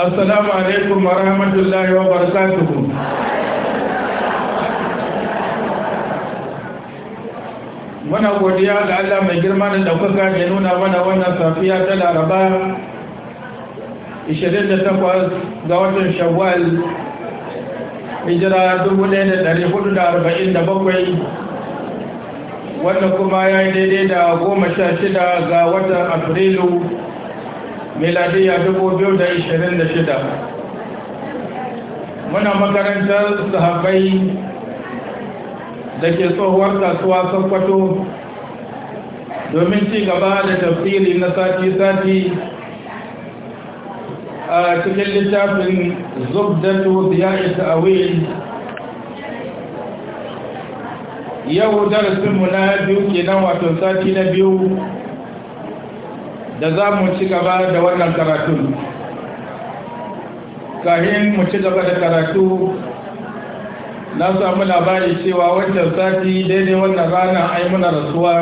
assalamu alaikum wa rahmatullahi wa barakatuhu muna godiya ga Allah mai girma da ɗaukaka da nuna mana wannan safiya ta laraba 28 ga watan shawwal hijira 1447 wanda kuma ya yi daidai da goma sha shida ga watan afrilu miladiyya shida? muna makarantar sahabbai da ke tsohuwar kasuwa sokoto domin ci gaba da tafsiri na sati-sati a cikin littafin zubdatu ziyarar ta'awil yau darasinmu na biyu nan wato sati na biyu da za mu ci gaba da wannan karatu kahin mu ci gaba da karatu na samu labari cewa wancan sati daidai wannan rana ai muna rasuwa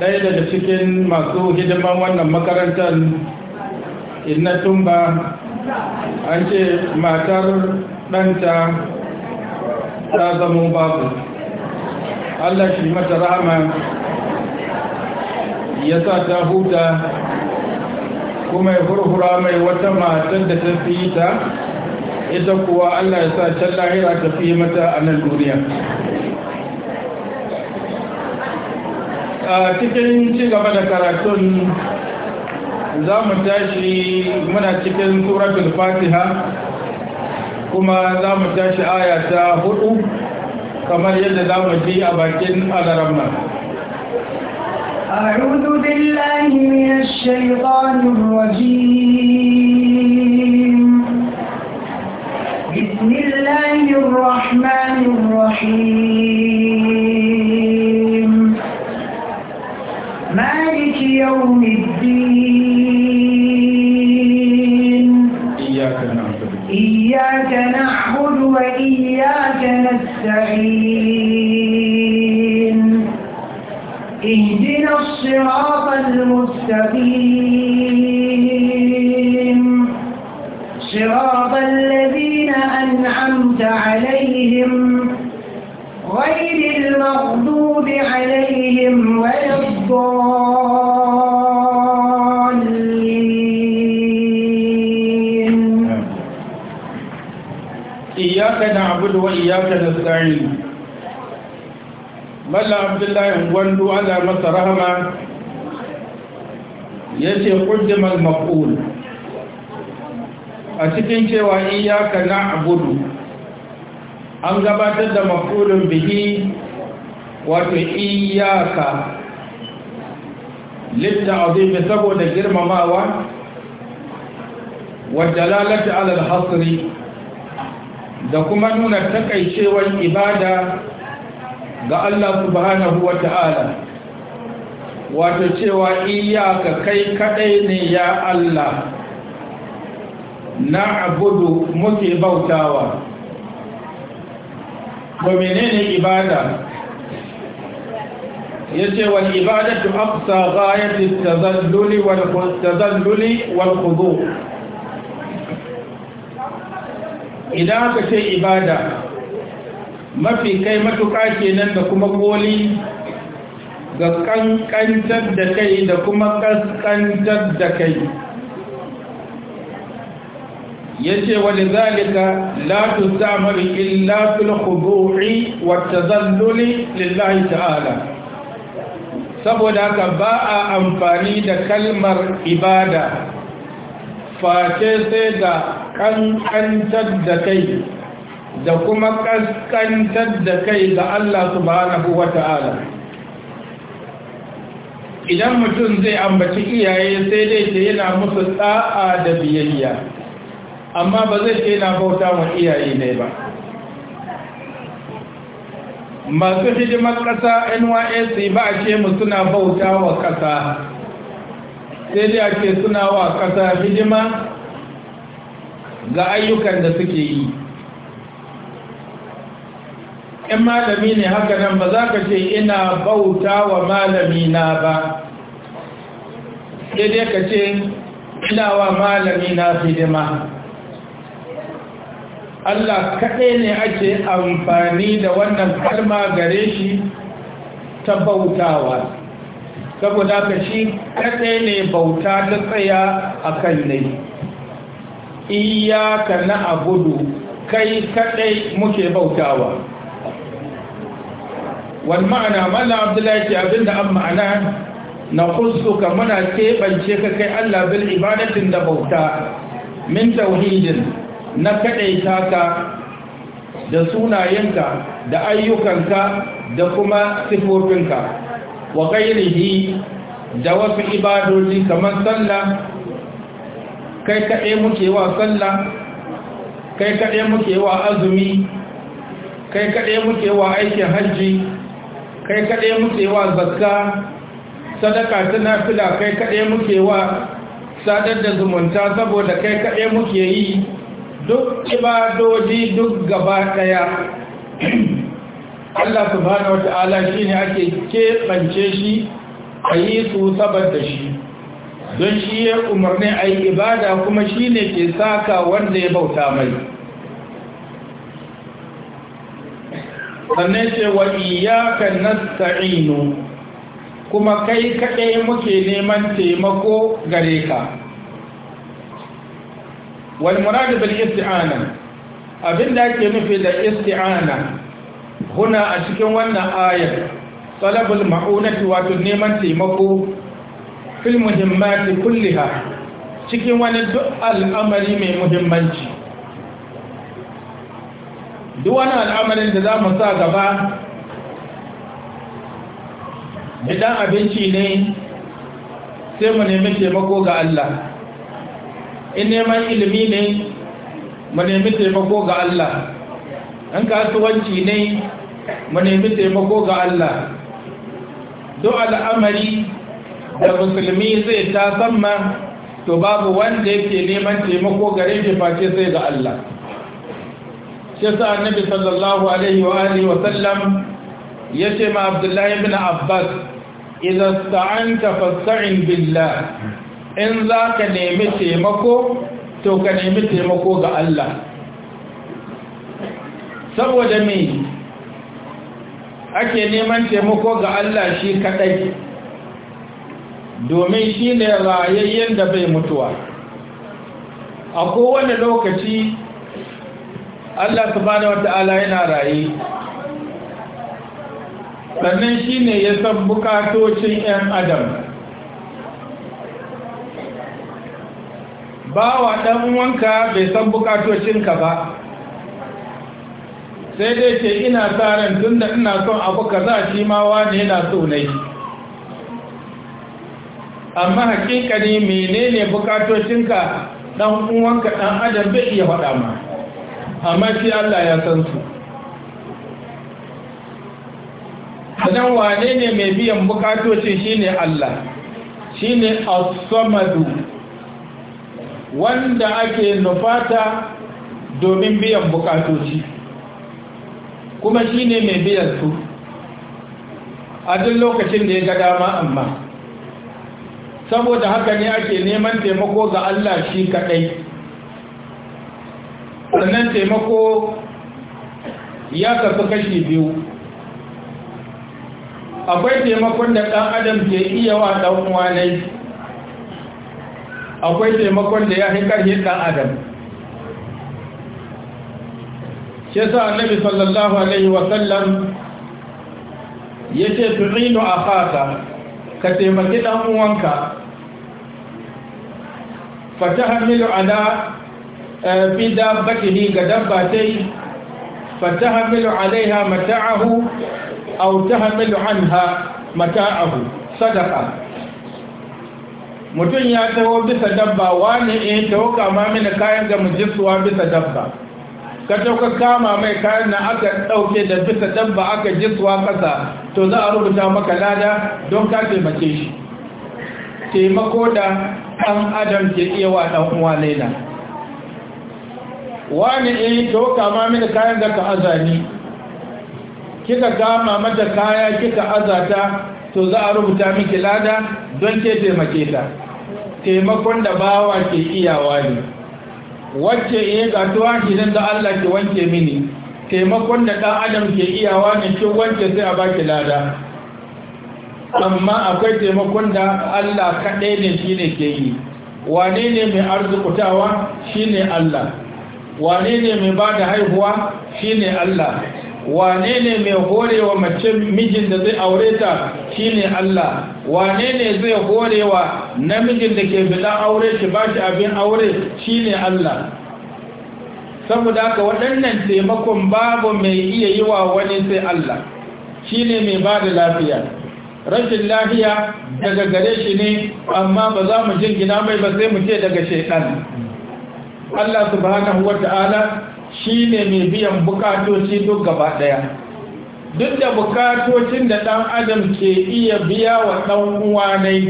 ɗaya daga cikin masu hidiman wannan makarantar inna tumba an ce matar ɗanta ta zama babu Allah shi mata rahama ya sa ta huta kuma ya furfura mai wata matar da ta fi ta ita kuwa Allah ya sa can lahira ta fi mata a nan duniya a cikin ci gaba da karatun za mu tashi muna cikin suratul fatiha kuma za mu tashi aya ta hudu kamar yadda za mu ji a bakin alaramma أعوذ بالله من الشيطان الرجيم بسم الله الرحمن الرحيم مالك يوم الدين إياك نعبد وإياك نستعين الصراط المستقيم صراط الذين أنعمت عليهم غير المغضوب عليهم ولا الضالين إياك نعبد وإياك نستعين ملا عبد الله gwandu على masa rahama Ya ce quddimal maf'ul a cikin cewa iyaka na abudu an gabatar da maf'ulun bihi wato iyaka. iyyaka للتعظيم saboda girmamawa والدلاله alal hasri. da kuma nuna takaicewar ibada ga Allah subhanahu wa ta'ala wato cewa iyaka kai kadai ne ya Allah na abudu muke bautawa ba menene ibada ya ce wal ibadatu aqsa ghayati tazalluli wal tazalluli wal khudu idan aka ce ibada mafi kai matuƙa kenan da kuma koli ga ƙanƙantar da kai da kuma ƙasƙantar da kai ya ce wani zalika latu samar illa fil khudu'i wa lillahi ta'ala saboda haka ba a amfani da kalmar ibada face sai da ƙanƙantar da kai da kuma ƙasƙantar da kai ga Allah subhanahu wa ta'ala idan mutum zai ambaci iyaye sai dai ce yana musu tsa'a da biyayya amma ba zai ce yana bauta wa iyaye ne ba masu hidimar ƙasa nysc ba a ce mu suna bauta wa ƙasa sai dai a suna wa ƙasa hidima ga ayyukan da suke yi in malami ne haka nan ba za ka ce ina bauta wa malami na ba sai dai ka ce ina wa malami na hidima Allah kaɗai ne ake amfani da wannan kalma gare shi ta bautawa saboda ka shi kaɗai ne bauta ta tsaya a kan ne iyaka na abudu kai kaɗai muke bautawa Wani ma'ana mala abdullahi ce abinda an ma'ana na kusuka muna keɓance ka kai allah bil ibadatin da bauta min tauhidin na kaɗaita ka da sunayenka da ayyukanka da kuma sifofinka wa gairihi da wasu ibadoji kamar sallah kai kaɗe muke wa sallah kai kaɗe muke wa azumi kai kaɗe muke wa aikin hajji kai kaɗai muke wa zakka sadaka ta nafila kai kaɗai muke wa sadar da zumunta saboda kai kaɗai muke yi duk ibadodi duk gaba ɗaya Allah subhanahu wata'ala shi ne ake keɓance shi a yi su saboda shi don shi ya umarni a yi ibada kuma shi ne ke saka wanda ya bauta mai sannan ce wa iyaka nasta'inu kuma kai kaɗai muke neman taimako gare ka wal murad bil isti'ana abinda ake nufi da isti'ana huna a cikin wannan ayar talabul ma'unati wato neman taimako fil muhimmati kulliha cikin wani duk al'amari mai muhimmanci duk wani al'amarin da za mu sa gaba idan abinci ne sai mu nemi taimako ga Allah in neman ilimi ne mu nemi taimako ga Allah in kasuwanci ne mu nemi taimako ga Allah duk al'amari da musulmi zai ta samma to babu wanda yake neman taimako gare shi face sai ga Allah shi sa annabi sallallahu alaihi wa alihi wa sallam ya ce ma abdullahi ibn abbas idza sta'anta fasta'in billah in za ka nemi taimako to ka nemi taimako ga Allah saboda me ake neman taimako ga Allah shi kadai domin shi ne rayayyen da bai mutuwa a kowane lokaci Allah wata ala yana raye sannan shi ne ya san bukatocin 'yan adam bawa ɗan wanka bai san bukatocinka ba sai dai ce ina tsarin tun da ina son abu za shi ma wani yana so na yi amma hakikani menene bukatocinka ɗan uwanka ɗan adam bai iya faɗa ma amma shi Allah ya san su sannan wane ne mai biyan bukatoci shine Allah shine as-samadu wanda ake nufata domin biyan bukatoci kuma shine mai biyan su a duk lokacin da ya ga dama amma saboda haka ne ake neman taimako ga Allah shi kaɗai sannan taimako ya kasu kashi biyu akwai taimakon da ɗan adam ke iya wa ɗan uwanai akwai taimakon da ya haikar yi ɗan adam shi sa annabi sallallahu alaihi wasallam ya ce firino a fata ka taimaki ɗan uwanka fata hamilu ala fi dabbatihi ga dabba tai tahmilu alaiha mata'ahu aw tahmilu anha mata'ahu sadaqa mutum ya taho bisa dabba wani eh ka ma mini kayan ga mujissuwa bisa dabba ka tauka kama mai kayan na aka ɗauke da bisa dabba aka jiswa kasa to za a rubuta maka lada don ka taimake shi taimako da ɗan adam ke iya wa ɗan uwa wani yi eh, to kama mini kayan da ka azani kika kama mata kaya kika azata to za a rubuta miki lada don ke taimake ta taimakon da bawa ke iyawa ne wacce iya eh, ga idan da Allah ke wanke mini taimakon da ɗan adam ke iyawa ne ki wanke sai a baki lada amma akwai taimakon da Allah kaɗai ne shi ne ke yi wane ne mai arzikutawa shi ne Allah wane ne mai ba da haihuwa Shi ne Allah wane ne mai horewa mace mijin da zai aure ta Shi ne Allah wane ne zai horewa namijin da ke bidan aure shi ba shi abin aure Shi ne Allah saboda haka waɗannan taimakon babu mai iya yi wa wani sai Allah Shi ne mai ba da lafiya rashin lafiya daga gare shi ne amma ba za mu gina mai ba sai mu ce daga shekaru. Allah subhanahu wa ta'ala shi ne mai biyan bukatoci duk gaba ɗaya duk da bukatocin da ɗan adam ke iya biya wa ɗan uwanai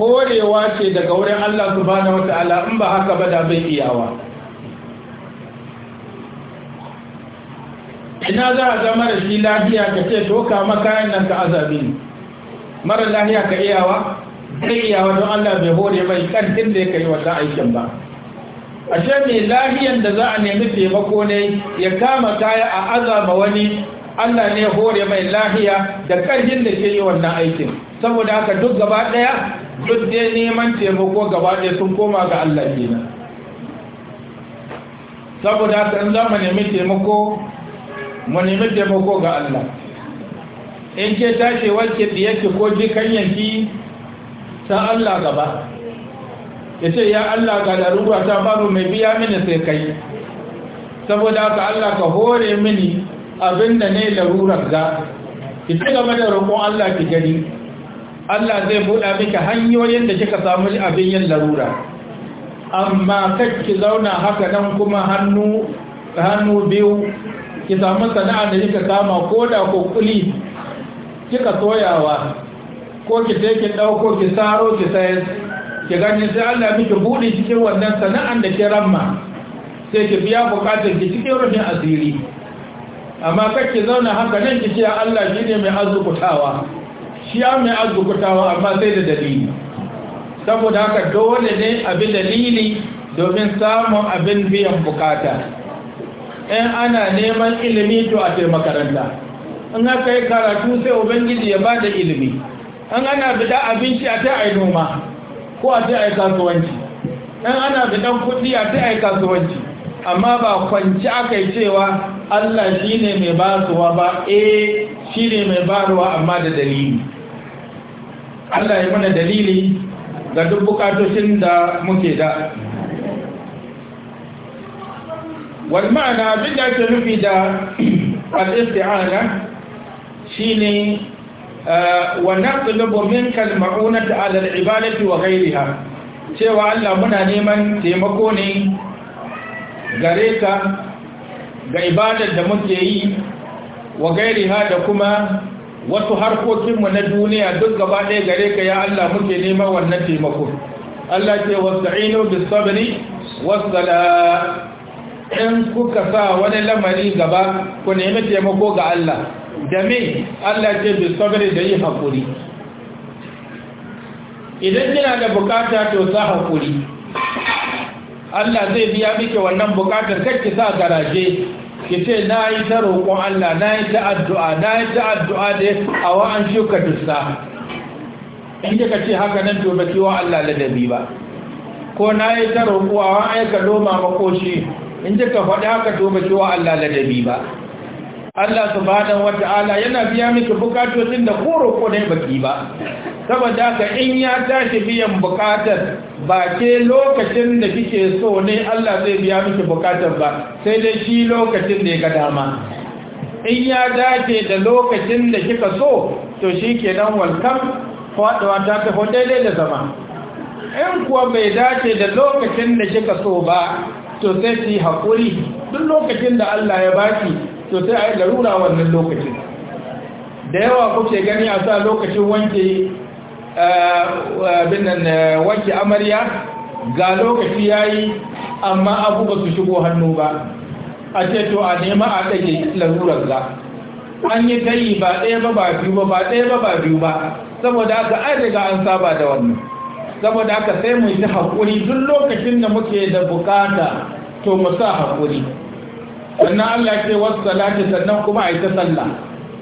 korewa ce daga wurin Allah subhanahu wa ta'ala in ba haka ba da bai iyawa ina za a zama da shi lafiya ka ce doka makayan nan ka azabi mara lafiya ka iyawa zai iyawa don Allah bai hore mai kan da ya kai wannan aikin ba ashe mai lahiyan da za a nemi taimako ne ya kama kaya a azama wani Allah ne hore mai lahiya da ƙarfin da ke yi wannan aikin saboda haka duk gaba ɗaya duk dai neman taimako gaba ɗaya sun koma ga Allah kenan saboda haka in za mu nemi taimako mu nemi taimako ga Allah in ke tashi wacce diyarki ko jikan yanki ta Allah gaba yace ya Allah ga larura ta babu mai biya mini sai kai saboda ka Allah ka hore mini abin abinda ne larurar ga ki ci gaba da roƙon Allah ki gani Allah zai buɗa miki hanyoyin da kika samu abin yin larura amma ki zauna haka nan kuma hannu hannu biyu ki samu sana'a da kika kama koda da ko kuli kika soyawa ko ki take ki ɗauko ki saro ki sayar ki ganin, sai Allah miki buɗe cikin wannan sana'an da ke ramma sai ki biya bukatar ki cikin rufin asiri amma kake zauna haka nan ki ce Allah shi ne mai azukutawa shi ya mai azukutawa amma sai da dalili saboda haka dole ne a bi dalili domin samun abin biyan bukata in ana neman ilimi to a makaranta in haka yi karatu sai ubangiji ya bada ilimi an ana bida abinci a ta noma ko a yi kasuwanci ɗan ana da ɗan kuɗi a ta yi kasuwanci amma ba kwanci aka yi cewa Allah shi ne mai basuwa ba eh shi ne mai baruwa amma da dalili Allah ya mana dalili ga duk bukatoshin da muke da Wani ma'ana abin da ake nufi da al shi shine Eh, wa naqlubu minka al-ma'unata 'ala al-ibadati wa cewa Allah muna neman taimako ne gare ka ga ibadar da muke yi wa gairiha da kuma wasu harkokinmu na duniya duk gaba ɗaya gare ka ya Allah muke neman wannan taimako Allah ce wasta'inu bis sabri wasala in kuka sa wani lamari gaba ku nemi taimako ga Allah da me Allah ce bi sabri da yi hakuri idan kina da bukata to sa hakuri Allah zai biya miki wannan bukatar kake ki sa garaje ki ce na yi ta roƙon Allah na yi ta addu'a na yi ta addu'a da a wa'an shuka dusta in ka ce haka nan to baki wa Allah ladabi ba ko na yi ta roƙo a wa'an ka doma makoshi in ka faɗi haka to baki wa Allah ladabi ba Allah subhanahu wata'ala yana biya miki bukatocin da koro ko dai baki ba saboda ka in ya tashi biyan bukatar ba ke lokacin da kike so ne Allah zai biya miki bukatar ba sai dai shi lokacin da ya ga dama in ya dace da lokacin da kika so to shi ke nan walkam faɗuwa ta tafi daidai da zama in kuwa bai dace da lokacin da kika so ba to sai ki haƙuri duk lokacin da Allah ya baki to sai a yi larura wannan lokacin da yawa kuke gani a sa lokacin wanke eh, binnan eh, wanke amarya ga lokaci ya yi amma abu ba su shigo hannu ba a ce to a nema a ɗage larurar za an yi tayi ba ɗaya ba ba biyu ba ba ɗaya ba ba biyu ba saboda aka an riga an saba da wannan saboda aka sai mu yi haƙuri duk lokacin da muke da bukata to mu sa haƙuri sannan Allah ce wasu salati sannan kuma a yi ta sallah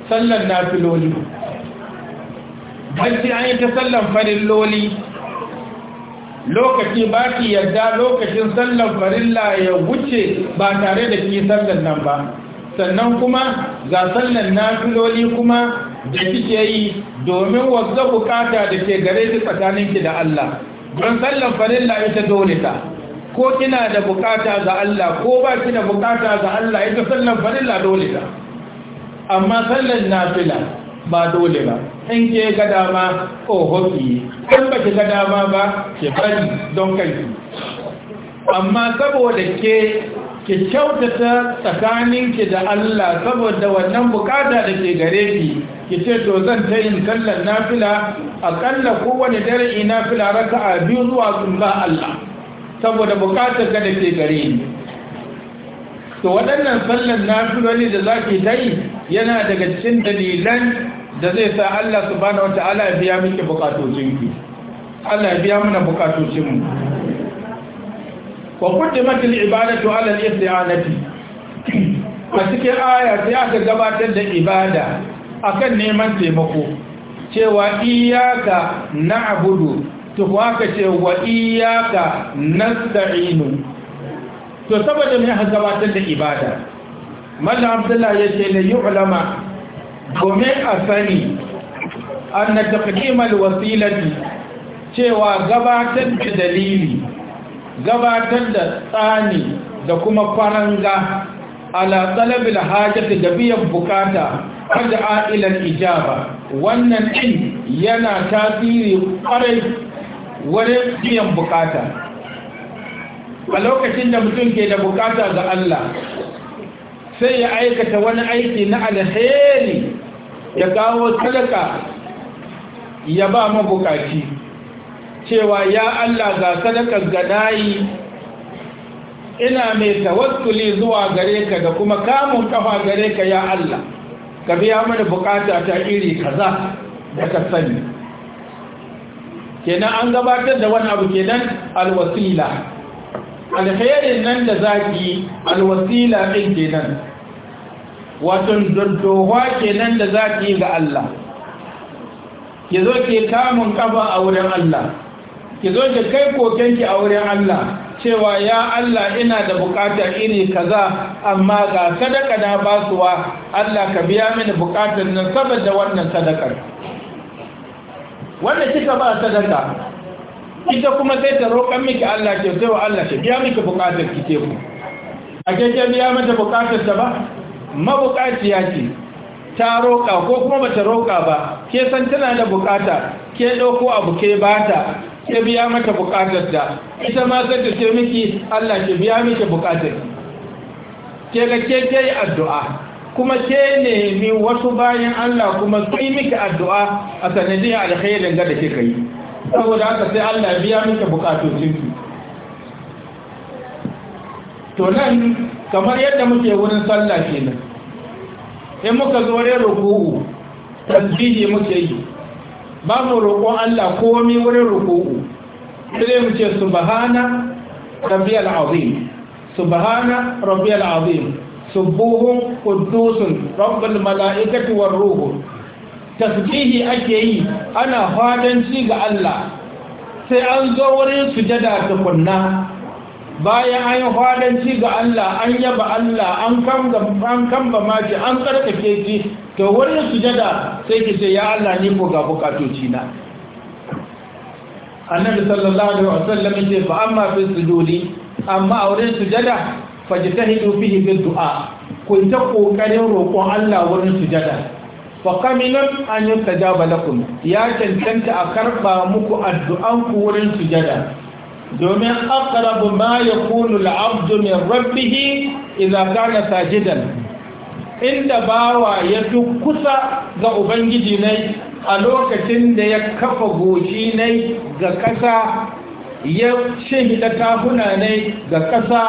sallan na fi loli bacci an yi ta sallan farin loli lokaci ba ki yadda lokacin sallan farin farilla ya wuce ba tare da ki sallan nan ba sannan kuma ga sallan na fi loli, kuma da kike yi domin wasu bukata da ke gare ki tsakaninki da Allah don sallan farin ya ta dole ta ko kina da bukata ga Allah ko ba kina bukata ga Allah ita sallan farilla dole ta amma sallan nafila ba dole ba in ke ga dama ko hoki in ba ki ga dama ba ki bari don kai. amma saboda ke ki kyautata tsakaninki da Allah saboda wannan bukata da ke gare ki ki ce to zan ta yin sallan nafila akalla kowane dare ina fila raka'a biyu zuwa ba Allah saboda bukatar ka da ke gare to waɗannan sallan nafiloli da za ki ta yi yana daga cikin dalilan da zai sa Allah subhanahu wata'ala ya biya miki bukatocinki Allah ya biya mana mu. wa qaddimat al-ibadatu ala al-isti'anati a cikin aya sai aka gabatar da ibada akan neman taimako cewa iyyaka na'budu tuhu ka ce wa iyaka nasta'inu to saboda mai ha gabatar da ibada malla abdullahi ya ce yi ulama domin a sani an na tafkimar cewa gabatar da dalili gabatar da tsani da kuma faranga ala talabil hajati da biyan bukata da a'ilan ijaba wannan din yana tasiri kwarai Wani biyan bukata a lokacin da mutum ke da bukata ga Allah sai ya aikata wani aiki na alheri ya kawo sadaka ya ba mu bukaci cewa ya Allah ga sadakar gadayi ina mai tawakkuli zuwa gare ka da kuma kamun kafa gare ka ya Allah ka biya mana bukata ta iri kaza da ka sani kenan an gabatar da wani abu kenan alwasila alkhairin nan da zaki alwasila din kenan wato dodowa kenan da zaki ga Allah ki zo ki kamun kafa a wurin Allah ki zo ki kai kokenki a wurin Allah cewa ya Allah ina da bukatar iri kaza amma ga sadaka na basuwa Allah ka biya mini bukatar nan saboda wannan sadakar wanda kika ba sadaka ita kuma sai ta roƙan miki Allah ke sai wa Allah ke biya miki buƙatar ki ke ku a keke biya mata buƙatar ta ba mabuƙaciya ce ta roƙa ko kuma ba ta roƙa ba ke san tana da buƙata ke ɗauko abu ke bata ke biya mata buƙatar ta ita ma sai ta ce miki Allah ke biya miki buƙatar ke ga ke ke addu'a kuma ke nemi wasu bayan Allah kuma kai miki addu'a a sanadiyar alkhairin ga da kika yi saboda haka sai Allah biya miki bukatocinki to nan kamar yadda muke wurin sallah kenan in muka zo wurin ruku'u tasbihi muke yi ba mu roƙon Allah komai wurin ruku'u sai mu ce subhana rabbiyal azim subhana rabbiyal azim subuhun kuddusun rabbul mala'ikatu war ruhu tasbihi ake yi ana fadanci ga Allah sai an zo wurin sujada tukunna bayan an yi fadanci ga Allah an yaba Allah an kamba an kamba an karkake shi to wurin sujada sai ki ce ya Allah ni ko ga bukatoci na annabi sallallahu alaihi wasallam ce fa amma fi sujudi amma a wurin sujada fajtahidu fihi bid du'a ku ta kokarin roƙon Allah wurin sujada fa kaminan an yustajaba lakum ya cancanta a karba muku addu'an ku wurin sujada domin aqrabu ma yakunu al-'abdu min rabbih idza kana sajidan inda bawa ya fi kusa ga ubangiji ne a lokacin da ya kafa goshi ne ga ƙasa ya shehida tafuna ne ga ƙasa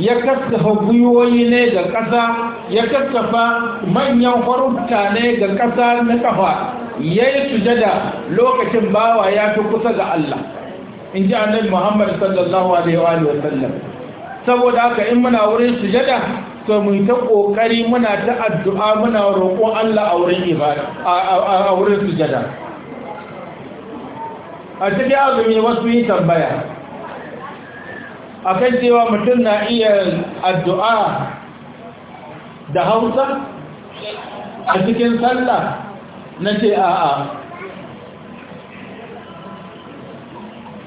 ya kaskafa gwiwoyi ne ga ƙasa ya kaskafa manyan farutta ne ga ƙasa na ƙafa ya yi sujada lokacin bawa ya fi kusa ga Allah in ji annabi Muhammad sallallahu alaihi wa sallam saboda haka in muna wurin sujada to mu ta kokari muna ta addu'a muna roƙo Allah a wurin ibada a sujada a cikin azumi wasu yi tambaya A kan cewa mutum na iya addu'a da hausa a cikin sallah na ce a'a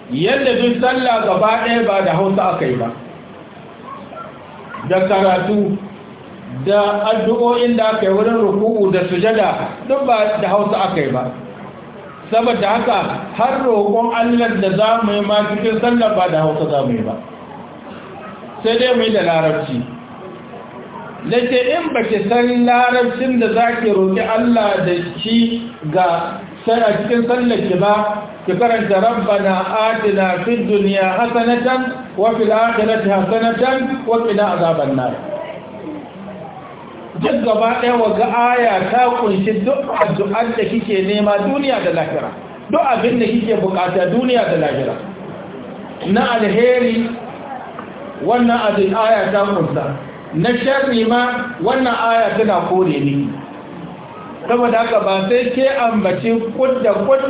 yadda duk sallah gaba ɗaya ba da hausa aka yi ba da karatu da addu'o'in da aka yi wurin ruku'u da sujada duk ba da hausa aka yi ba saboda haka har roƙon allah da za mu yi ma cikin sallar ba da hausa za mu yi ba sai dai mu da larabci da ke in ba ki san larabcin da za ki roƙi Allah da shi ga a cikin sallaki ba ki karanta rabbana atina fid dunya hasanatan wa fil akhirati hasanatan wa qina azaban nar duk gaba ɗaya wa ga aya ta kunshi duk addu'ar da kike nema duniya da lahira duk abin da kike bukata duniya da lahira na alheri wannan abin aya ta kunsa na sharri ma wannan aya tana kore ne saboda haka ba sai ke ambaci kud da kud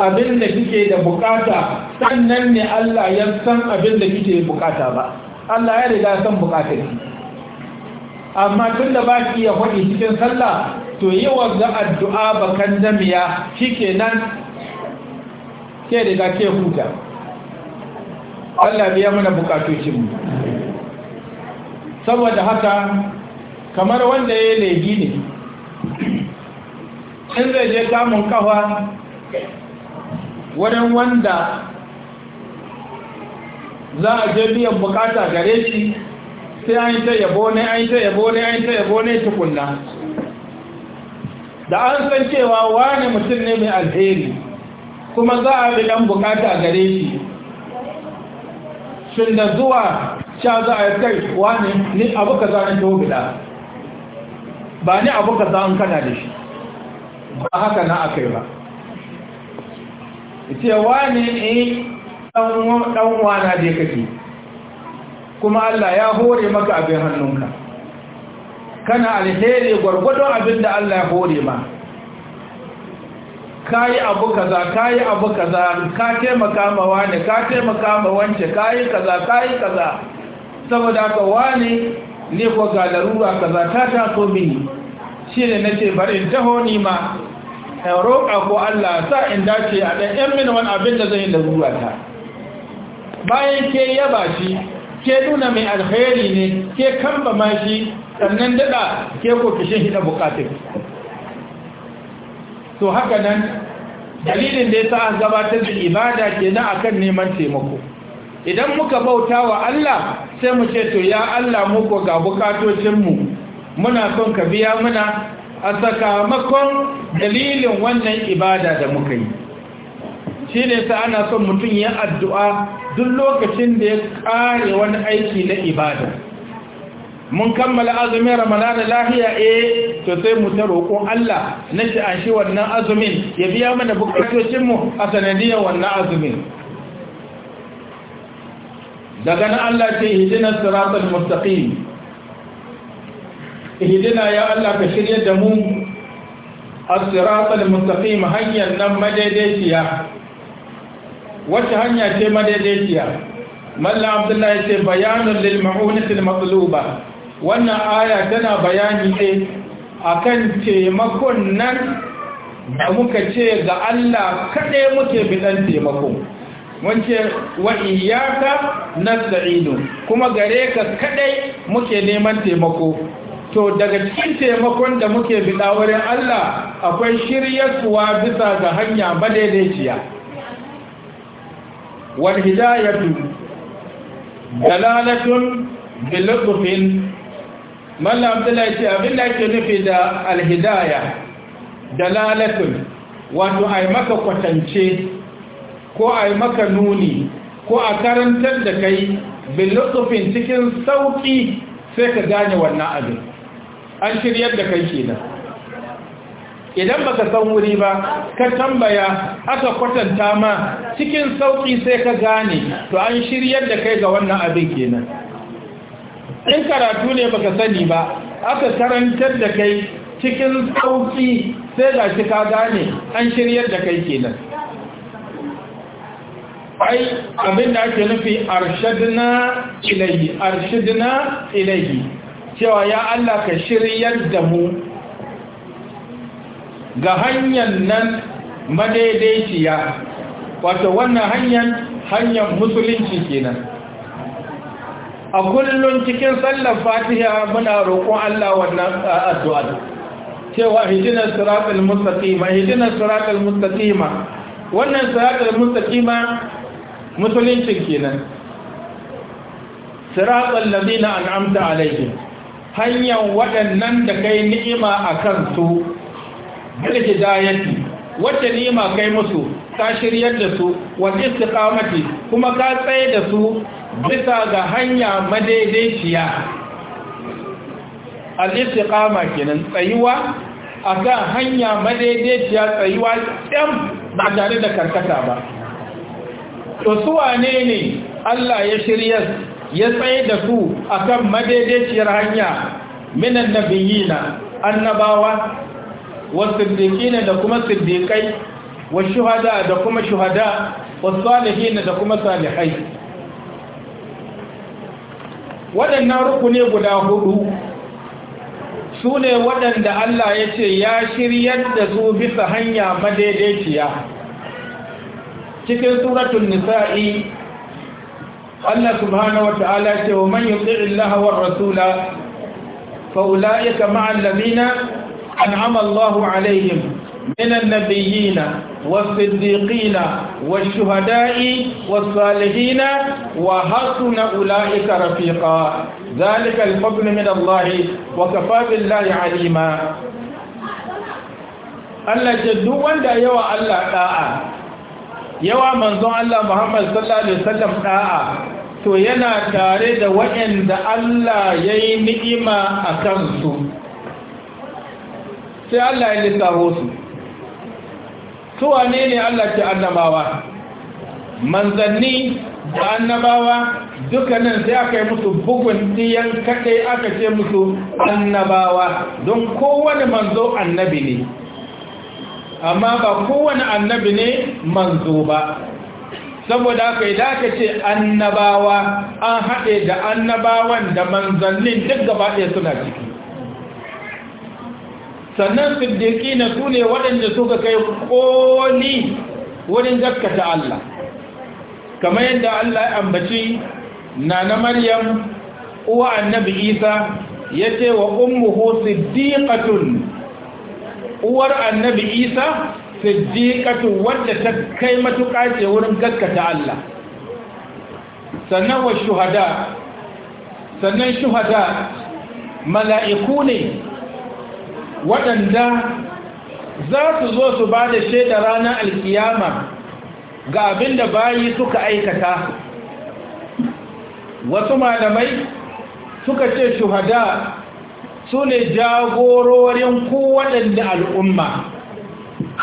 abin da kike da bukata sannan ne Allah ya san abin da kike bukata ba Allah ya riga san bukatar amma tun da baki ya faɗi cikin sallah to yi ga addu'a bakan damiya shikenan ke riga ke huta Allah biya mana bukatocinmu saboda haka kamar wanda ya legi ne in zai je kamun kafa wurin wanda za a je biyan bukata gare shi sai an ta yabo ne an ta yabo ne an ta yabo ne tukunna da an san cewa wani mutum ne mai alheri kuma za a bi dan bukata gare shi shin da zuwa sha za a yi kai wani ni abu ka za ni ba ni abu ka za kana da shi ba haka na aka yi ba ce wani ɗan wana da ya kake kuma Allah ya hore maka abin hannunka kana alheri gwargwadon abin da Allah ya hore ma kayi abu kaza kayi abu kaza ka taimaka ma wani ka taimaka ma wance kayi kaza kayi kaza saboda ka wani ne ko ga larura kaza ta taso mini ne nace bari in taho ni ma in roƙa ko Allah sa in dace a ɗan 'yan min wani abin da zai larura ta bayan ke yaba shi ke nuna mai alheri ne ke kamba ma shi sannan daɗa ke ko kishin hida bukatun to haka nan dalilin da ya sa gabatar da ibada ke na akan neman taimako idan muka bauta wa Allah sai mu ce to ya Allah muku ga bukatocinmu muna son ka biya muna a sakamakon dalilin wannan ibada da muka yi shi ne sa ana son mutum ya addu'a duk lokacin da ya kare wani aiki na ibada mun kammala azumin ramadana lahiya eh to sai mu ta roƙon Allah na shi an shi wannan azumin ya biya mana bukatocin mu a sanadiyar wannan azumin daga nan Allah ce hidina siratal mustaqim hidina ya Allah ka shirye da mu as-siratal mustaqim hanyar nan madaidaiciya wacce hanya ce madaidaiciya malla abdullahi ce bayanun lil ma'unatil matluba wannan aya tana bayani ne akan taimakon nan da muka ce ga Allah kaɗai muke bidan taimako wance wa iyaka nasta'inu kuma gare ka kaɗai muke neman taimako to daga cikin taimakon da muke biɗa wurin Allah akwai shiryarsuwa bisa ga hanya madaidaiciya wal hidayatu dalalatun bi lutfin malla abdullahi ce abin da ake nufi da alhidaya da lalatun wato a yi maka kwatance ko a yi maka nuni ko a karantar da kai billutsufin cikin sauki sai ka gane wannan abin an shiryar da kai kenan idan baka san wuri ba ka tambaya aka kwatanta ma cikin sauki sai ka gane to an shiryar da kai ga wannan abin kenan in karatu ne baka sani ba aka karantar da kai cikin sauki sai ga shi ka gane an shiryar da kai kenan ai abin da ake nufi arshadna ilayhi arshadna ilayhi cewa ya Allah ka shiryar da mu ga hanyar nan madaidaiciya wato wannan hanyar hanyar musulunci kenan a kullum cikin sallar fatiha muna roƙon Allah wannan addu'a cewa hijinar siratul mustaqima hijinar siratul mustaqima wannan siratul mustaqima musulunci kenan siratul ladina an'amta alaihim hanyar waɗannan da kai ni'ima a kansu bil hidayati wacce ni'ima kai musu ka shiryar da su wa istiqamati kuma ka tsaye da su bisa ga hanya madaidaiciya al-istiqama kenan tsayuwa akan hanya madaidaiciya tsayuwa ɗan ba tare da karkata ba to su wane ne Allah ya shirya ya tsaye da su akan madaidaiciyar hanya minan na biyina annabawa wasiddiqina da kuma Siddiƙai? wa shuhada da kuma shuhada was salihin da kuma salihai waɗannan rukuni guda hudu su ne waɗanda Allah ya ce ya shiryar da su bisa hanya madaidaiciya cikin suratun nisa'i Allah subhanahu wa ta'ala ce wa man yuti Allah wa rasula fa ulaika ma'al ladina an'ama Allahu alaihim من النبيين والصديقين والشهداء والصالحين وحسن أولئك رفيقا ذلك الفضل من الله وكفى بالله عليما Allah ce duk wanda yawa Allah da'a yawa manzon Allah Muhammad sallallahu alaihi wasallam da'a to yana tare da waɗanda Allah yayi ni'ima a kansu sai Allah ya lissafo su su wane ne Allah ke annabawa manzanni da annabawa dukkanin sai aka yi musu bugun ɗiyan kaɗai aka ce musu annabawa don kowane manzo annabi ne amma ba kowane annabi ne manzo ba saboda haka yi aka ce annabawa an haɗe da annabawan da manzannin duk gaba ɗaya suna ciki sannan Siddiki na su ne waɗanda suka kai koli wurin gaskata Allah kamar yadda Allah ya ambaci na na maryam uwa annabi isa ya ce wa ummuhu siddiqatun uwar annabi isa siddiqatun wadda ta kai matuƙa ce wurin gaskata Allah sannan wa shuhada sannan shuhada mala'iku ne waɗanda za su zo su ba da shaida ranar alkiyama ga abin da bayi suka aikata wasu malamai suka ce shuhada su ne jagororin waɗanda al'umma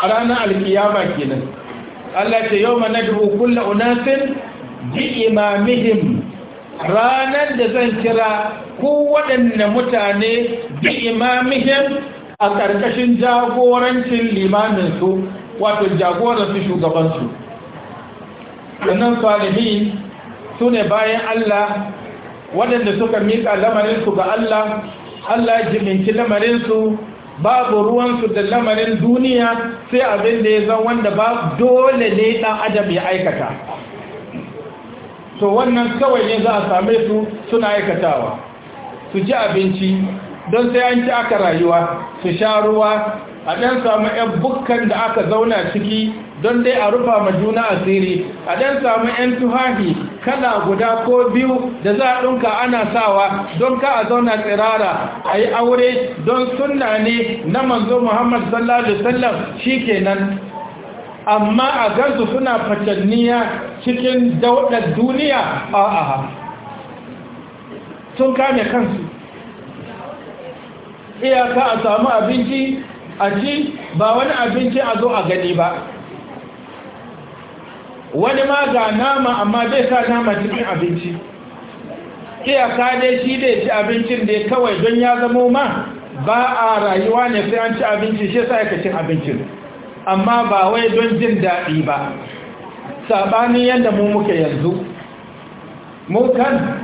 a ranar alkiyama kenan Allah ce yau mana da hukun la'unafin bi imamihim ranar da zan kira waɗanda mutane bi imamihim a ƙarƙashin jagorancin limaminsu wato jagoransu shugabansu sannan salihin su ne bayan Allah waɗanda suka miƙa lamarinsu ga Allah Allah ya jiminci lamarinsu babu ruwansu da lamarin duniya sai abin da ya zan wanda ba dole ne ɗan adam ya aikata to wannan kawai ne za a same su suna aikatawa su ji abinci don sai an ci aka rayuwa su sha ruwa a ɗan samu 'yan bukkan da aka zauna ciki don dai a rufa ma juna asiri a ɗan samu 'yan tuhafi kala guda ko biyu da za a ɗunka ana sawa don ka a zauna tsirara a yi aure don sunna ne na manzo muhammad sallallahu alaihi wasallam shi kenan amma a gansu suna fatanniya cikin daudar duniya a'a sun kame kansu iyaka a samu abinci a ci ba wani abinci a zo a gani ba wani ma ga nama amma zai sa nama cikin abinci iyaka dai shi dai ci abincin dai kawai don ya zamo ma ba a rayuwa ne sai an ci abinci shi sa ka cin abincin amma ba wai don jin daɗi ba saɓanin yadda mu muke yanzu mu kan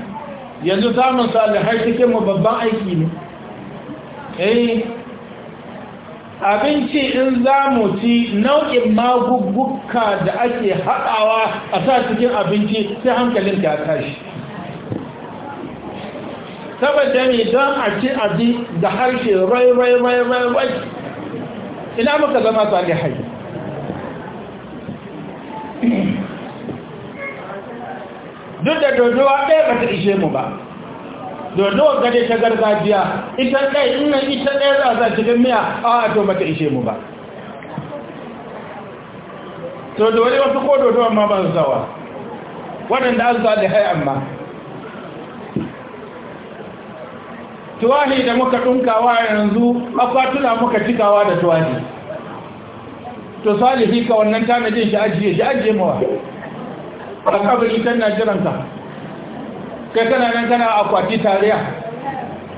yanzu samun salihai cikin mu babban aiki ne eh abinci in za mu ci nau'in magugguka da ake haɗawa a sa cikin abinci sai hankalin ta tashi saboda ne don a ci abin da harshe rai rai rai rai rai ina muka zama duk da dodowa ɗaya ba ta ishe mu ba domin wanda dai ta gargajiya ita ɗaya ina ita ɗaya za a cikin miya a to mata ishe mu ba to da wani wasu ko dodo amma ba zawa waɗanda an zuwa da hai amma tuwahi da muka ɗunkawa yanzu akwatuna muka cikawa da tuwahi to salihi ka wannan tanajin shi ajiye shi ajiye mawa a kabari kan na kai kana nan kana akwati tariya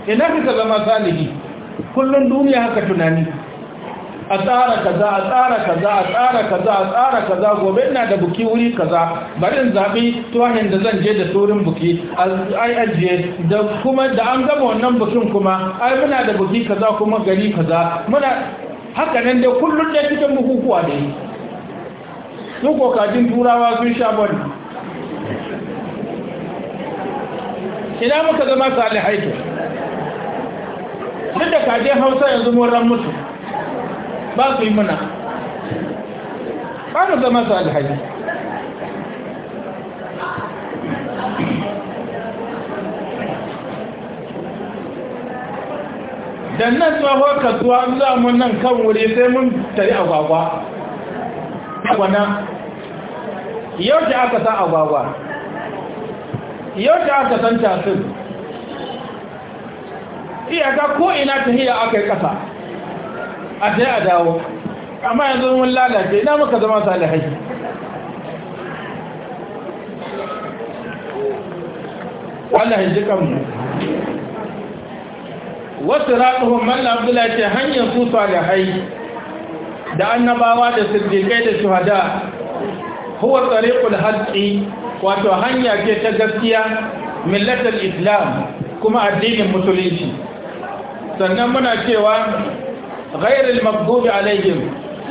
ina ka zama salihi kullum duniya haka tunani a tsara kaza a tsara kaza a tsara kaza a tsara kaza gobe ina da buki wuri kaza bari in zabi tuwahin da zan je da turin buki ai ajiye da kuma da an gama wannan bukin kuma ai muna da buki kaza kuma gari kaza muna haka nan da kullum dai cikin bukukuwa yi su kokajin turawa sun sha bani ina muka zama salihai to duk da kaje hausa yanzu mun ran mutu ba su yi muna ba mu zama salihai da nan tsohon kasuwa an za mu nan kan wuri sai mun tari agwagwa agwana yau da aka sa agwagwa yau da aka san tasin iyaka ko ina ta hiya aka yi ƙasa a je a dawo amma yanzu mun lalace ina muka zama salihai wannan hajjikanmu wasu raɗuhun mallan abdullahi ce hanyar su salihai da annabawa da siddiƙai da shuhada huwa tsariƙul haƙƙi wato hanya ce ta gaskiya millatar islam kuma addinin musulunci sannan muna cewa ghairil maghdubi alaihim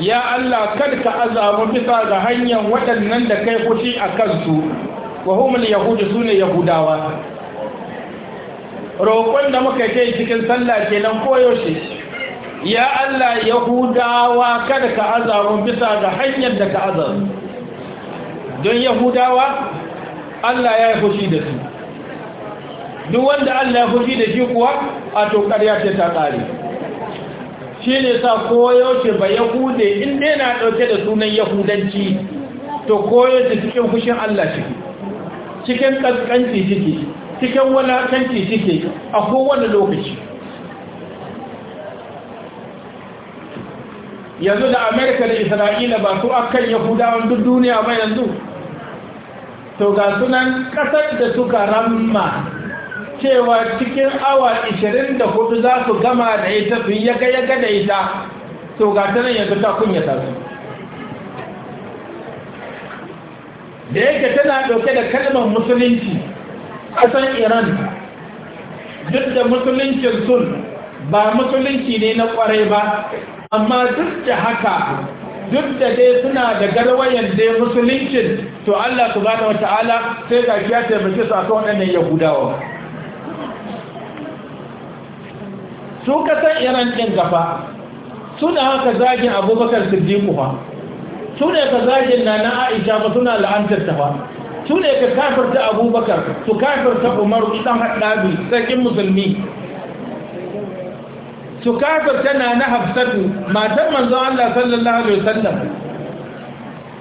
ya Allah kada ka azamu bisa ga hanyar waɗannan da kai fushi a kansu wa humul yahudu sune yahudawa roƙon da muka kai cikin sallah kenan koyaushe ya Allah yahudawa kada ka azamu bisa ga hanyar da ka azamu don yahudawa Allah ya yi fushi da su duk wanda Allah ya fushi da shi kuwa a tokar ya ce ta tsari shi ne sa koyaushe ba yahude in yana na ɗauke da sunan yahudanci to koyaushe cikin fushin Allah shi cikin ƙasƙanci shi cikin walakanci ciki a kowane lokaci yanzu da amerika da isra'ila ba su akan yahudawan duk duniya ba yanzu to ga sunan ƙasar da suka ramma cewa cikin awa 24 za su gama da ita su yaga yaga da ita to ga ta yanzu ta kunyata su da yake tana ɗauke da kalmar musulunci ƙasar iran duk da musuluncin sun ba musulunci ne na kwarai ba amma duk da haka duk da dai suna da garwayan dai musuluncin to Allah su subhanahu wata'ala sai ga ya taimake su akan waɗannan yahudawa su kasan iran ɗin gaba suna haka zagin abubakar siddiqu fa su ne ka zagin na na aisha ba suna la'antar ta fa su ne ka kafirta abubakar su kafirta umar ɗan haɗabi sarkin musulmi su tana na na hafsatu matan manzo Allah sallallahu alaihi wasallam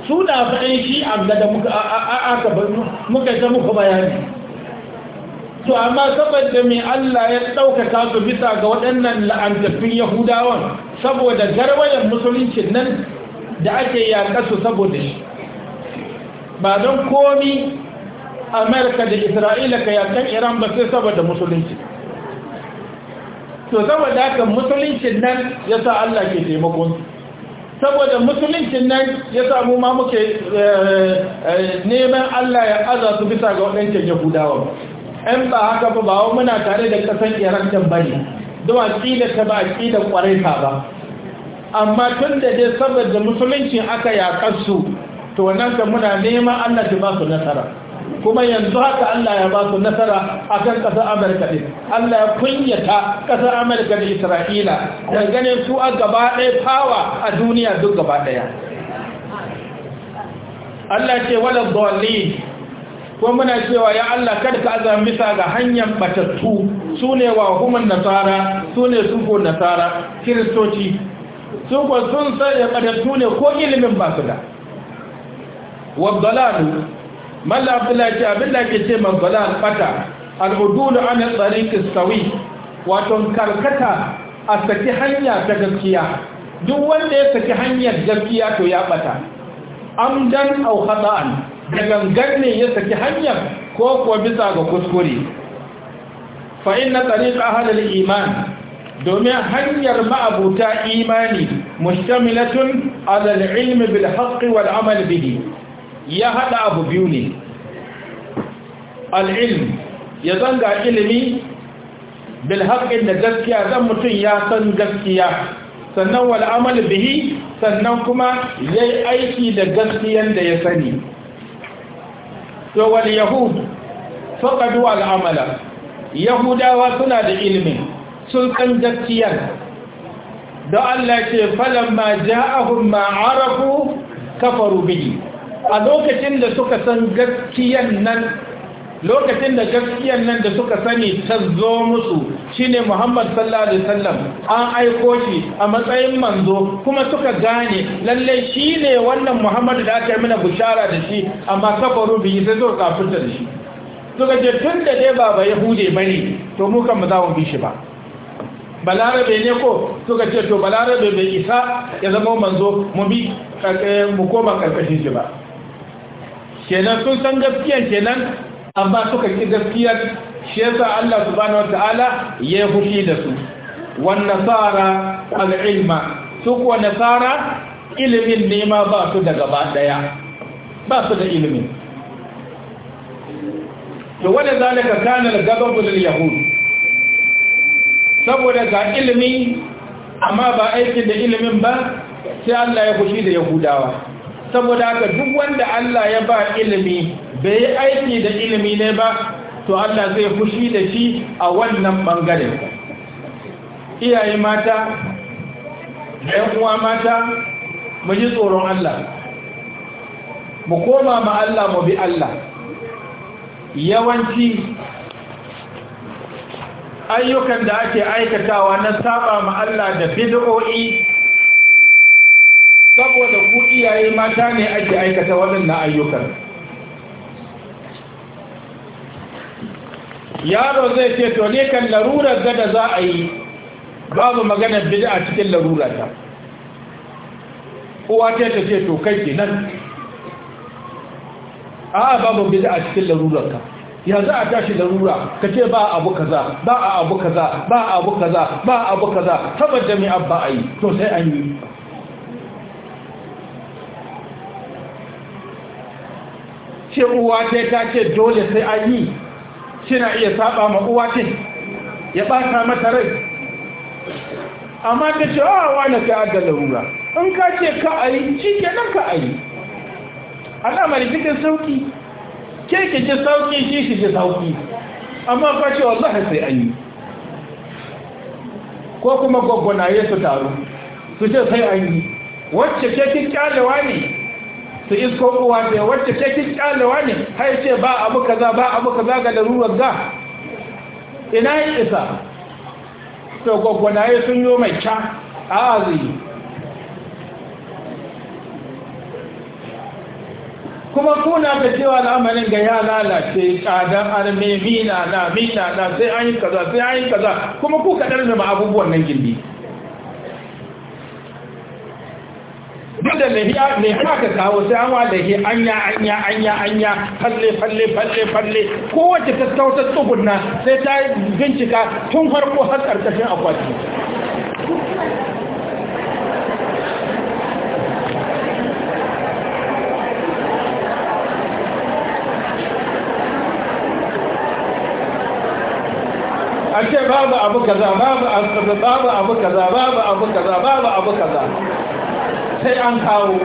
su da fa'in shi abda da muka aka muka ta muka bayani to amma saboda mai Allah ya ta su bisa ga waɗannan la'antattun yahudawan saboda garwayar musulunci nan da ake yaƙa su saboda shi ba don komi amerika da isra'ila ka akan iran ba sai saboda musulunci to saboda haka musuluncin nan ya sa Allah ke taimakon saboda musuluncin nan ya mu ma muke eh, eh, neman Allah ya aza su bisa ga wadancan yahudawa ɗan ba haka ba ba muna tare da ƙasan iran can bane zuwa aƙida ta ba a tsida ƙwarai ta ba amma tun da dai saboda musuluncin aka yaƙar su to nan ka muna neman Allah ta ba su nasara kuma yanzu haka Allah ya ba su nasara a kan ƙasar Amurka ne Allah ya kunyata ƙasar Amurka da Isra'ila da ganin su a gaba ɗaya fawa a duniya duk gaba ɗaya Allah ce wala dhalli ko muna cewa ya Allah kada ka azama ga hanyar batattu ne wa hukumar nasara su sune suko nasara kiristoci suko sun sai da batattu ne ko ilimin ba su da wa malla abdullahi ce abin da ke ce man bala albata al'udulu an tsariki Kistawi. wato karkata a saki hanya ta gaskiya duk wanda ya saki hanyar gaskiya to ya bata amdan au khata'an da gangan ne ya saki hanyar ko kuwa bisa ga kuskure fa inna tariq ahlul iman domin hanyar ma'abuta imani mushtamilatun ala al-ilm bil haqq wal amal bihi ya haɗa abu biyu ne al'ilm ya zanga ilimi bilhaƙin da gaskiya zan mutum ya san gaskiya sannan wal'amal bihi sannan kuma ya yi aiki da gaskiyan da ya sani to wal faƙadu al'amala yahudawa suna da ilimin sun san gaskiyar da Allah ce falamma ja'ahum ma arafu kafaru bihi a lokacin da suka san gaskiyan nan lokacin da gaskiyan nan da suka sani ta zo musu shine Muhammad sallallahu alaihi wasallam an aiko shi a matsayin manzo kuma suka gane lalle shine wannan Muhammad da aka yi mana bushara da shi amma kafaru bi sai zo kafirta da shi suka ce tun da dai ba ba yahude bane to mu kan ba za mu bi shi ba balarabe ne ko suka ce to balarabe bai isa ya zama manzo mu bi eh, mu koma karkashin shi ba kenan sun san gaskiya kenan amma suka ki gaskiya shi yasa Allah subhanahu wataala ya fushi da su wan nasara al ilma su kuwa nasara ilimin ne ma ba su da gaba daya ba su da ilmi to wanda zalika kana al gabu lil yahud saboda ga ilimi amma ba aikin da ilimin ba sai Allah ya fushi da yahudawa saboda haka duk wanda Allah ya ba ilimi bai yi aiki da ilimi ne ba to Allah zai fushi da shi a wannan bangaren iyaye mata ɗan uwa mata mu ji tsoron Allah mu koma ma Allah mu bi Allah yawanci ayyukan da ake aikatawa na saba ma Allah da bid'o'i saboda ku iyaye mata ne ake aikata waɗannan ayyukan yaro zai ce to ne kan larurar gada za a yi babu maganar bid'a cikin larurata kowa ta ta ce to kai kenan a babu bid'a cikin larurarka ya za a tashi larura ka ce ba abu kaza ba abu kaza ba abu kaza ba abu kaza saboda mai abba a yi to sai an yi ce uwa ta ta ce dole sai an yi kina iya saba ma uwa ce ya ɓata mata rai amma ta ce a ah, wani sai an da larura in ka ce ka a yi shi ke nan ka a yi al'amari cikin sauki ke ke ce sauki shi shi ji sauki amma ka ce wallahi sai an yi ko kuma ya su taru su ce sai an yi wacce ke kin kyalewa ne su isko uwa ce wacce ke kin kyalewa ne har ce ba abu kaza ba abu kaza ga larurar ga ina ya isa to gwaggwanaye sun yi mai ca a azumi kuma kuna da cewa al'amarin ga ya lalace kadan arme na mina na sai an yi kaza sai an yi kaza kuma ku kaɗar da abubuwan nan gindi duk da ne ya ka kawo sai an wa lahiya anya anya anya anya falle falle falle falle kowace tattautar tsugunna sai ta bincika tun farko har karkashin akwati a ce babu abu kaza babu abu kaza babu abu kaza babu abu kaza sai an kawo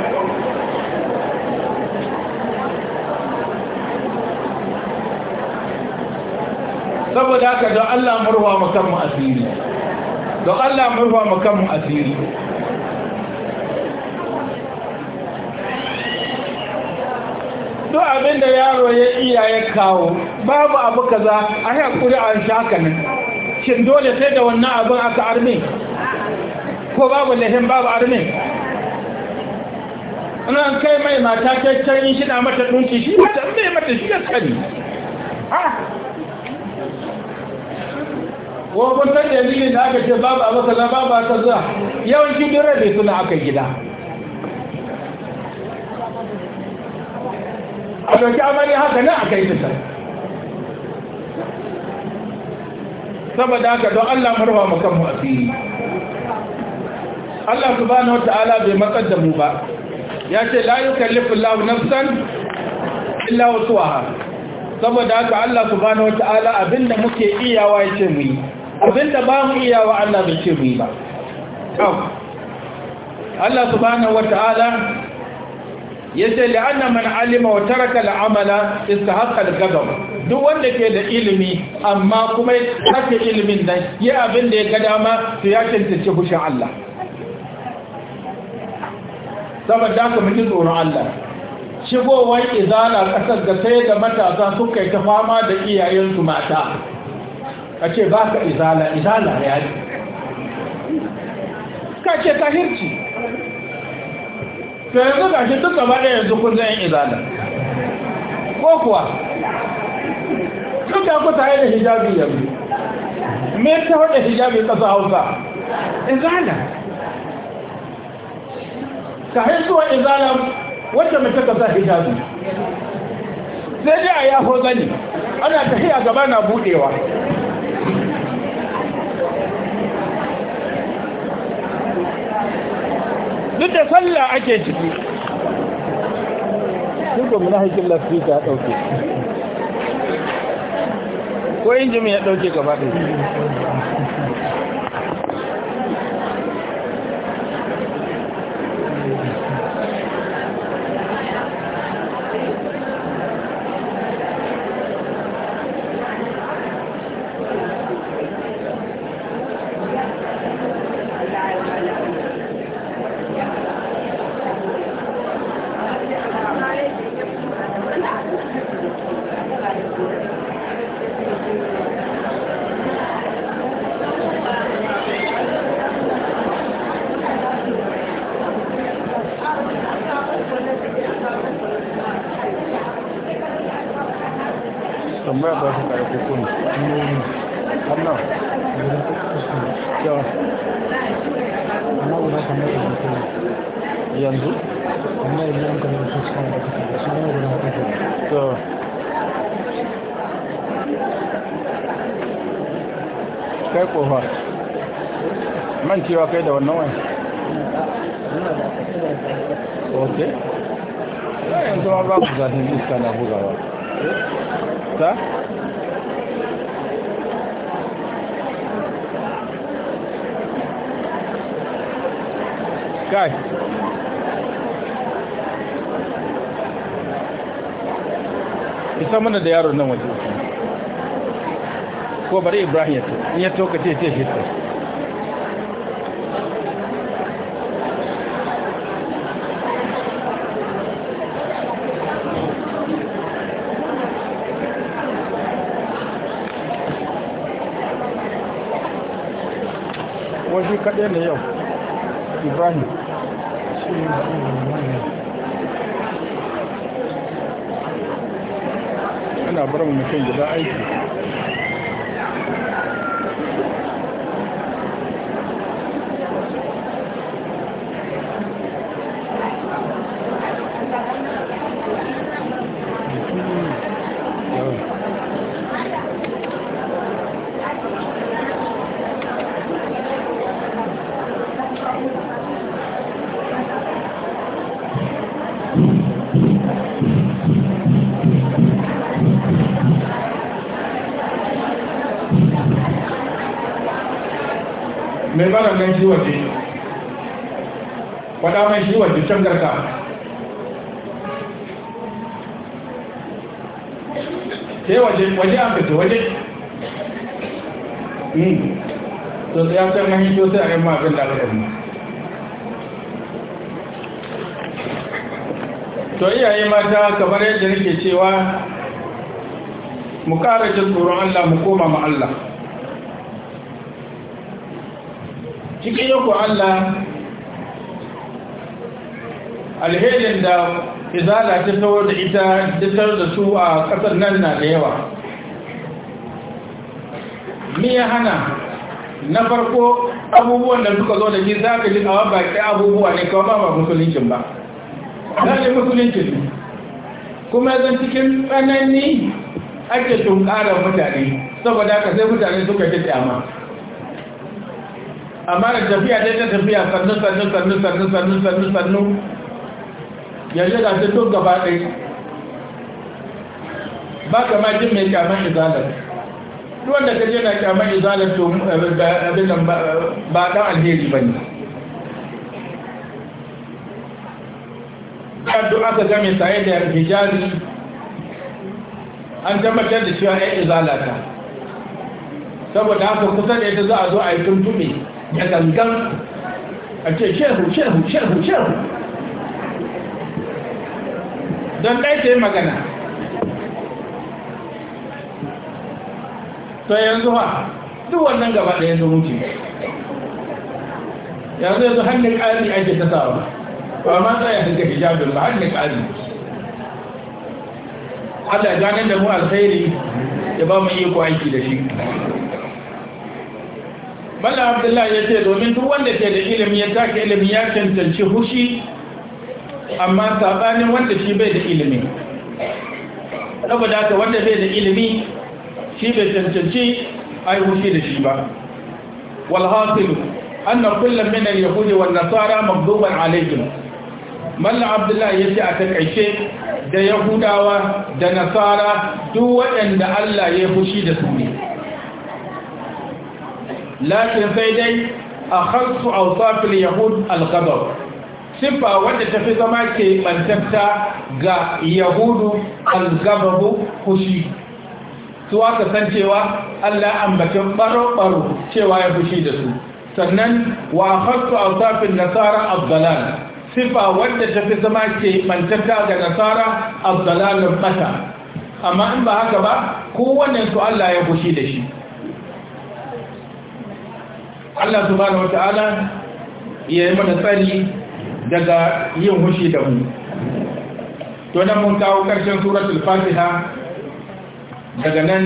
saboda haka don Allah murwa makanmu asiri don Allah murwa makanmu asiri don abinda yaro ya iya ya kawo babu abu kaza a haƙuri a shaka nan shin dole sai da wannan abin aka arme ko babu lahin babu arme ina an kai mai mata kyakkyar yin shida mata dunki shi mata mai mata shi ya sani ko kun san dalilin da aka ce babu a masala babu a tazza yawanci dora bai suna aka gida a ɗauki amari haka nan aka yi ta saboda haka don Allah marwa makan mu asiri Allah subhanahu wa ta'ala bai matsar da mu ba ya ce la yukallifu Allahu nafsan illa wasu wusaha saboda haka Allah wata ala abinda muke iyawa yace mu yi abinda ba mu iyawa Allah bai ce mu yi ba Allah wata subhanahu wataala yace la'anna man alima wa taraka al'amala istahaqqa al-ghadab duk wanda ke da ilimi amma kuma yake ilimin nan yi abinda ya ga dama to ya cancanci fushin Allah saboda haka mun tsoron Allah shigowar izala kasar da sai da matasa suka yi ta fama da iyayensu mata ka ce ba ka izala izala ya yi ka ce ta hirci. ta yanzu ga shi duk ba da yanzu kun zan izala ko kuwa duk da ku tare da hijabi yanzu me ta wadda hijabi ƙasa hausa izala ka haisuwa izala wacce mace ka sa hijabi sai dai a yaho zani ana tafiya gaba na budewa duk da sallah ake ciki duk na munahikin lafita ya dauke ko injimi ya dauke gaba ɗaya kofa man cewa kai da wannan wani ok yanzu ma ba ku zafin iska na bugawa ta kai isa mana da nan waje ko bari ibrahim ya to in ya toka ce ce shi wasu kaɗe ne yau ibrahim ana bar mutum guda aiki mai shi waje faɗa mai shi waje can garka ke waje waje an fito waje hmm. to sai an san mahi to sai a yi mafin da aka to iyaye mata kamar yadda nake cewa mu ƙara jin tsoron Allah mu koma ma Allah cikin yako Allah alherin da izala ta tawar da ita tattar da su a ƙasar nan na da yawa ni ya hana na farko abubuwan da suka zo da ji za ka ji a ke abubuwa ne kawai ba ba musuluncin ba zai musuluncin ne kuma zan cikin tsanani ake tunkarar mutane saboda ka sai mutane suka ji tsama amma da tafiya dai ta tafiya sannu sannu sannu sannu sannu sannu sannu yanzu ga duk gaba ɗaya ba kama jin mai kyaman izalar ruwan da kaje na kyaman izalar to abin ba ɗan alheri ba ne addu'a aka game saye da hijabi an tabbatar da cewa ‘yan izalata saboda haka kusa da ita za a zo a yi tuntuɓe Ya gangan a ce shehu shehu shehu shehu don ɗai ta yi magana to yanzu ha duk wannan gaba ɗaya yanzu wuce yanzu yanzu hannun ƙari ake ta sawa ba ma tsaye hanga hijabin ba hannun ƙari Allah ganin da mu alkhairi ya ba mu iko aiki da shi Malla Abdullahi ya ce domin duk wanda ke da ilimi ya take ilimi ya cancanci hushi amma sabanin wanda shi bai da ilimi. Saboda wanda bai da ilimi shi bai cancanci yi hushi da shi ba. kullum أن كل من nasara والنصارى مغضوب عليهم Abdullahi ya ce a takaice da Yahudawa da Nasara duk waɗanda Allah ya fushi da su ne. lakin sai dai a harsu ausafil yahud alkabar sifa wadda ta fi zama ke mantabta ga yahudu algabaru fushi su aka san cewa allah ambacin baro-baro cewa ya fushi da su sannan wa hasu ausafin nasara abdalan sifa wadda ta fi zama ke mantabta ga nasara abdalan bata amma in ba haka ba kowannen su allah ya fushi da shi Allah subhanahu wata'ala ya yi mana tsari daga yin hushi da mu to nan mun kawo ƙarshen suratul fatiha daga nan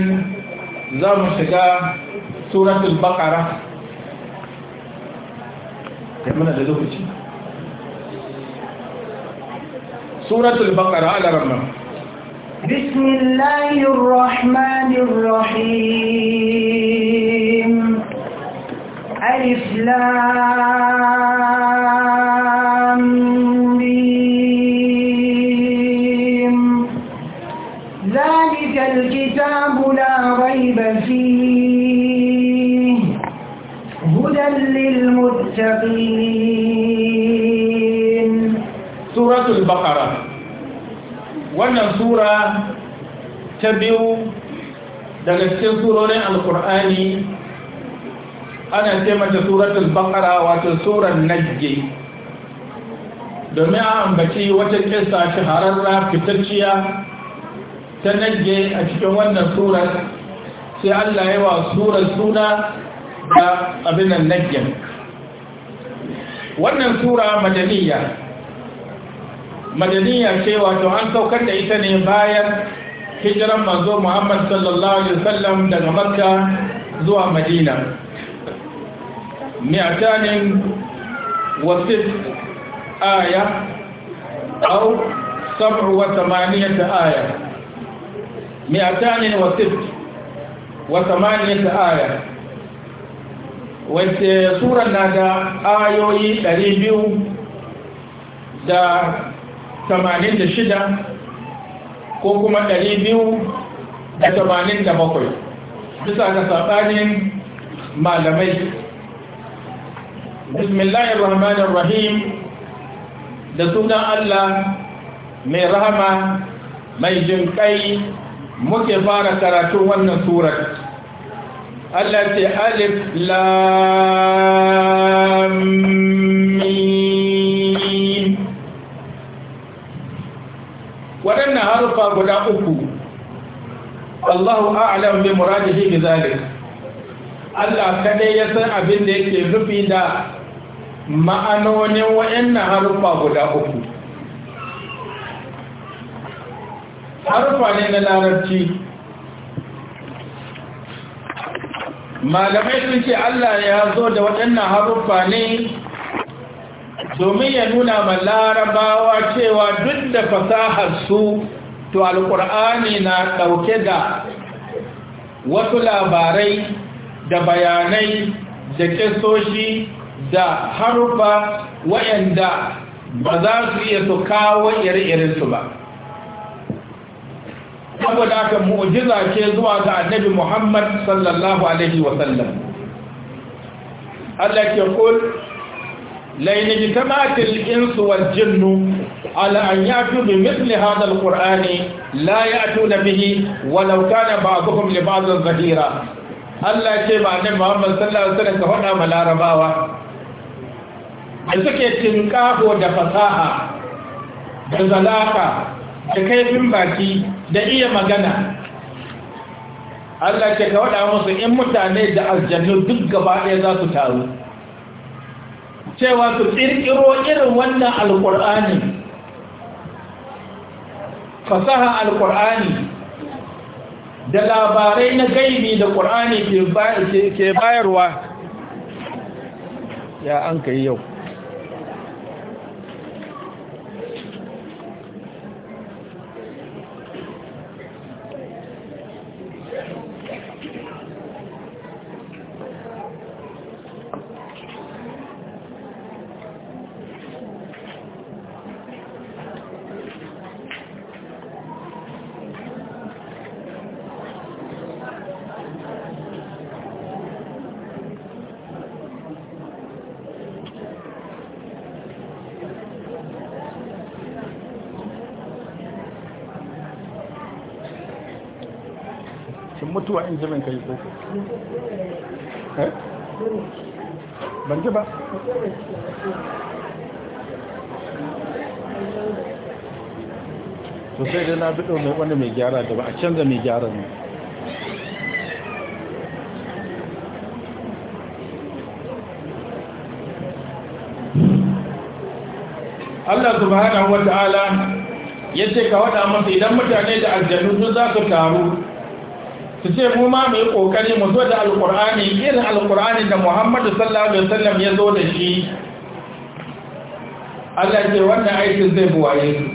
za mu shiga suratul baqara mana da lokaci suratul baqara ala rahman بسم الله الرحمن الرحيم الم ذلك الكتاب لا ريب فيه هدى للمتقين سورة البقرة wannan sura ta biyu daga cikin surorin alkur'ani ana ce mata suratul baqara wato surar najji domin a ambaci wata kissa shahararra fitacciya ta najji a cikin wannan surar sai Allah ya wa surar suna da abinan najji wannan sura madaniya madaniya ce wato an saukar da ita ne bayan hijiran mazo Muhammad sallallahu alaihi wasallam daga Makka zuwa Madina مئتان وست آية أو سبع وثمانية آية مئتان وست وثمانية آية سورة نادا آيوي تريبيو wace sura na da ayoyi 286 ko kuma 287 bisa ثمانين ما لميت bismillahir rahmanir rahim da sunan Allah mai rahama mai jinkai muke fara karatu wannan surar Allah ce alif lam mim waɗannan harufa guda uku Allahu a'lam bi muradihi bi zalik Allah kadai ya san abin da yake rufi da ma'anonin wa'annan harufa guda uku haruffa ne na larabci malamai sun ce Allah ya zo da waɗannan harufa ne domin ya nuna ma larabawa cewa duk da fasahar su to alƙur'ani na ɗauke da wasu labarai da bayanai da kesoshi da haruffa wayanda ba za su iya su kawo ire-irensu ba saboda aka mu'jiza ce zuwa ga annabi Muhammad sallallahu alaihi wa sallam Allah ke kul lainin jitama'atil insu wa jinnu ala an yatu bi mithli hadha al qur'ani la ya'tuna bihi walau kana ba'dhum li ba'd zahira Allah ce ba annabi Muhammad sallallahu alaihi wa ka faɗa ma larabawa da suke tinkaho da fasaha da zalaka da kaifin baki da iya magana Allah ce ka waɗa musu in mutane da aljanu duk gaba ɗaya za su taru cewa su ƙirƙiro irin wannan alƙur'ani fasaha alƙur'ani da labarai na gaibi da ƙur'ani ke bayarwa ya an ka yi yau lokacin mutuwa in jimin yi koko eh? ban ji ba to sai dai na biɗo mai wani mai gyara da ba a canza mai gyara ne Allah subhanahu wa ta'ala ya ka wada masa idan mutane da aljannu sun za su taru su ce mu ma mu yi kokari mu zo da alkur'ani irin alkur'ani da muhammadu sallallahu alaihi wasallam ya zo da shi Allah ce wannan aikin zai buwaye su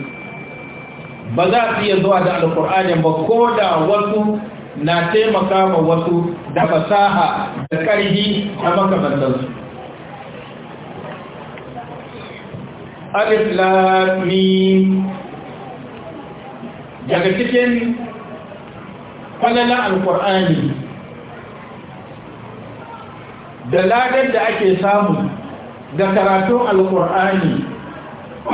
ba za su iya zuwa da alkur'ani ba ko da wasu na taimaka ma wasu da fasaha da ƙarfi a makamantansu alif lamim daga cikin falala alkur'ani da ladar da ake samu da karatun alkur'ani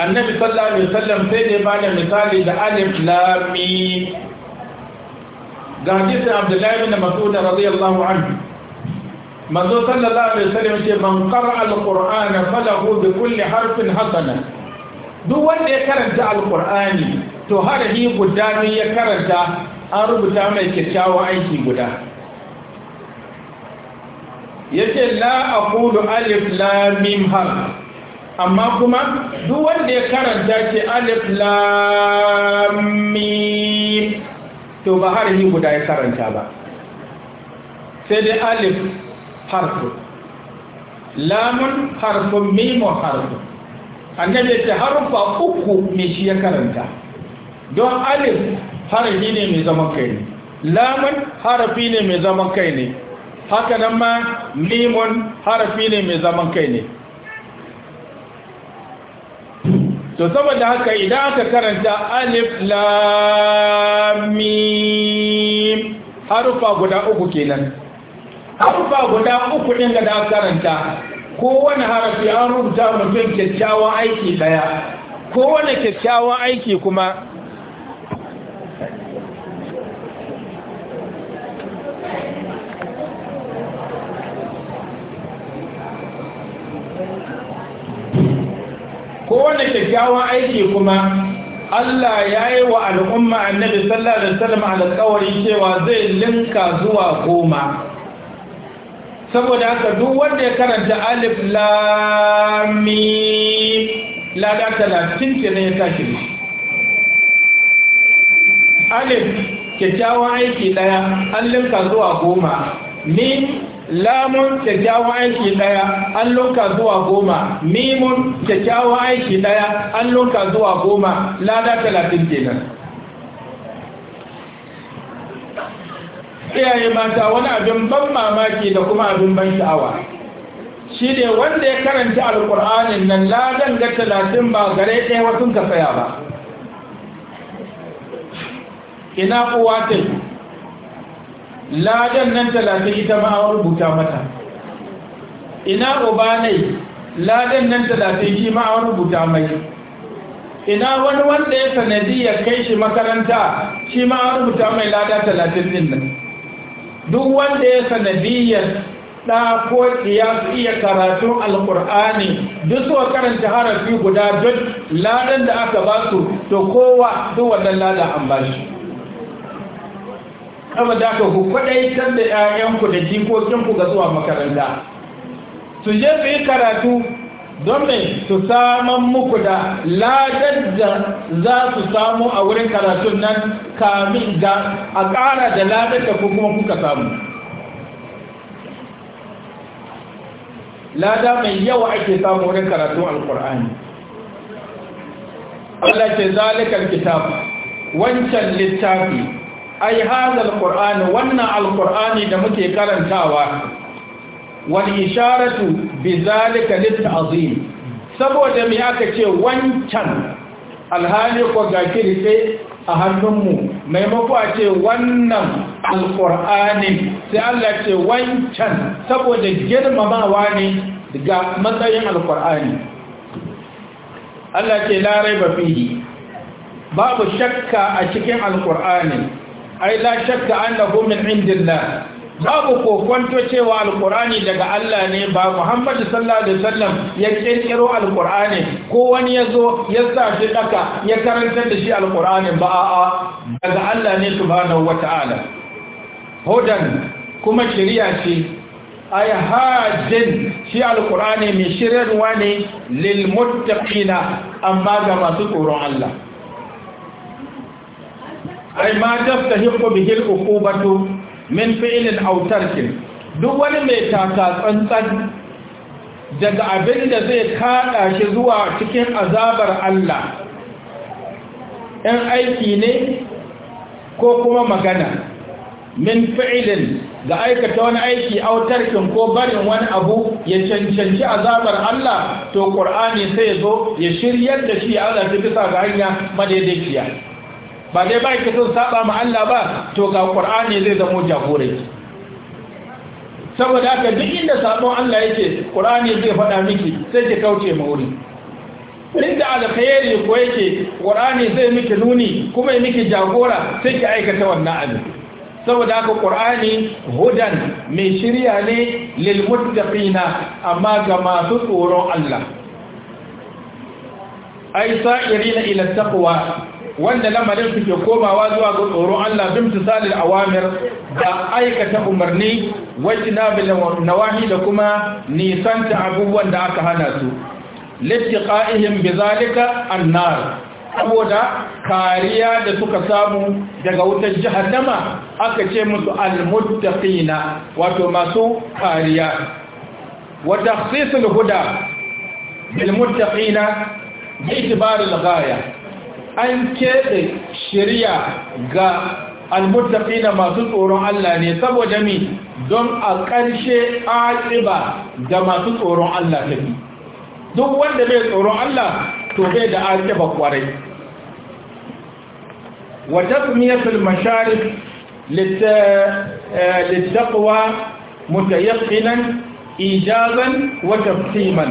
annabi sallallahu alaihi wasallam sai dai ba bada misali da alif lam ga hadisin abdullahi bin mas'ud radiyallahu anhu manzo sallallahu alaihi wasallam ce man qara alqur'ana falahu bi kulli harfin hasana duk wanda ya karanta alqur'ani to harafi guda ne ya karanta an rubuta mai kyakkyawan aiki guda ya la aqulu alif la mim har amma kuma duk wanda ya karanta ce alif la mim to ba har yi guda ya karanta ba sai dai alif harfu lamun harfu mimun harfu annabi ya ce harfa uku ne shi ya karanta don alif harafi ne mai zaman kai ne lamun harafi ne mai zaman kai ne haka nan ma limun harafi ne mai zaman kai ne to saboda haka idan aka karanta alif lam harufa guda uku kenan harufa guda uku din da aka karanta kowane harafi an rubuta mutum kyakkyawan aiki daya kowane kyakkyawan aiki kuma kyakkyawan aiki kuma Allah ya yi wa al'umma annabi sallallahu alaihi wasallam alƙawari cewa zai linka zuwa goma saboda haka duk wanda ya karanta alif lam mim lada 30 ne ya tashi alif kyakkyawan aiki ɗaya, an linka zuwa goma mim lamun kyakkyawan aiki ɗaya, an loka zuwa goma mimun kyakkyawan aiki ɗaya, an loka zuwa goma lada talatin kenan iyaye mata wani abin ban mamaki da kuma abin ban sha'awa shi ne wanda ya karanta alkur'anin nan ladan ga talatin ba gare ɗaya wasu ka tsaya ba ina uwa ta ladan nan talatin ita ma an rubuta mata ina ubanai ladan nan talatin shi ma an rubuta mai ina wani wanda ya sanadi ya kai shi makaranta shi ma an rubuta mai lada talatin din nan duk wanda ya sanadiyar ɗa ko ya su iya karatu alkur'ani duk wa karanta harafi guda duk ladan da aka basu su to kowa duk wannan lada an ba saboda ka ku kwadaitar da 'ya'yanku da jikokinku ga zuwa makaranta su je su yi karatu don mai su saman muku da ladar da za su samu a wurin karatun nan kamin ga a ƙara da ladar da kuma kuka samu lada mai yawa ake samu wurin karatun alkur'ani Allah ce zalikar kitab wancan littafi ai hazal qur'ani wannan alqur'ani da muke karantawa wal isharatu bizalika litazim saboda me aka ce wancan alhali ko gakiri sai a hannunmu maimako a ce wannan alkur'ani sai Allah ce wancan saboda girmamawa ne ga matsayin alkur'ani Allah ce larai ba fihi babu shakka a cikin alkur'ani ai la shakka annahu min indillah babu kokonto cewa alkurani daga Allah ne ba Muhammadu sallallahu alaihi wasallam ya kirkiro alkurani ko wani yazo ya sa shi daka ya karantar da shi alkurani ba a'a daga Allah ne subhanahu wataala Hodan, kuma shari'a ce ay hajin shi alkurani mai shirin ne lil muttaqina amma ga masu tsoron Allah ai ma tastahiqu bihi al-uqubatu min fi'lin aw tarkin duk wani mai tata tsantsan daga abin da zai kada shi zuwa cikin azabar Allah in aiki ne ko kuma magana min fi'lin ga aikata wani aiki aw tarkin ko barin wani abu ya cancanci azabar Allah to Qur'ani sai ya zo ya shiryar da shi Allah bisa ga hanya madaidaiciya ba dai ba ki son saba ma Allah ba to ga Qur'ani zai zama jagoranki saboda haka duk inda sabon Allah yake Qur'ani zai faɗa miki sai ki kauce ma wuri inda alkhairi ko yake Qur'ani zai miki nuni kuma ya miki jagora sai ki aikata wannan abin saboda haka Qur'ani hudan mai shirya ne lil muttaqina amma ga masu tsoron Allah ai sa'irina ila taqwa wanda lamarin suke komawa zuwa ga tsoron Allah bin tisalil awamir da aikata umarni wajina bil nawahi da kuma nisanta abubuwan da aka hana su littiqa'ihim bizalika annar saboda kariya da suka samu daga wutar jahannama aka ce musu almuttaqina wato masu kariya wa takhsisul huda bil muttaqina bi itibar al-ghaya an keɗe shirya ga na masu tsoron Allah ne saboda mi don a ƙarshe aƙiba da masu tsoron Allah ta duk wanda bai tsoron Allah to bai da aƙiba kwarai wa tasmiyatul masharif للتقوى متيقنا إيجابا وتفصيما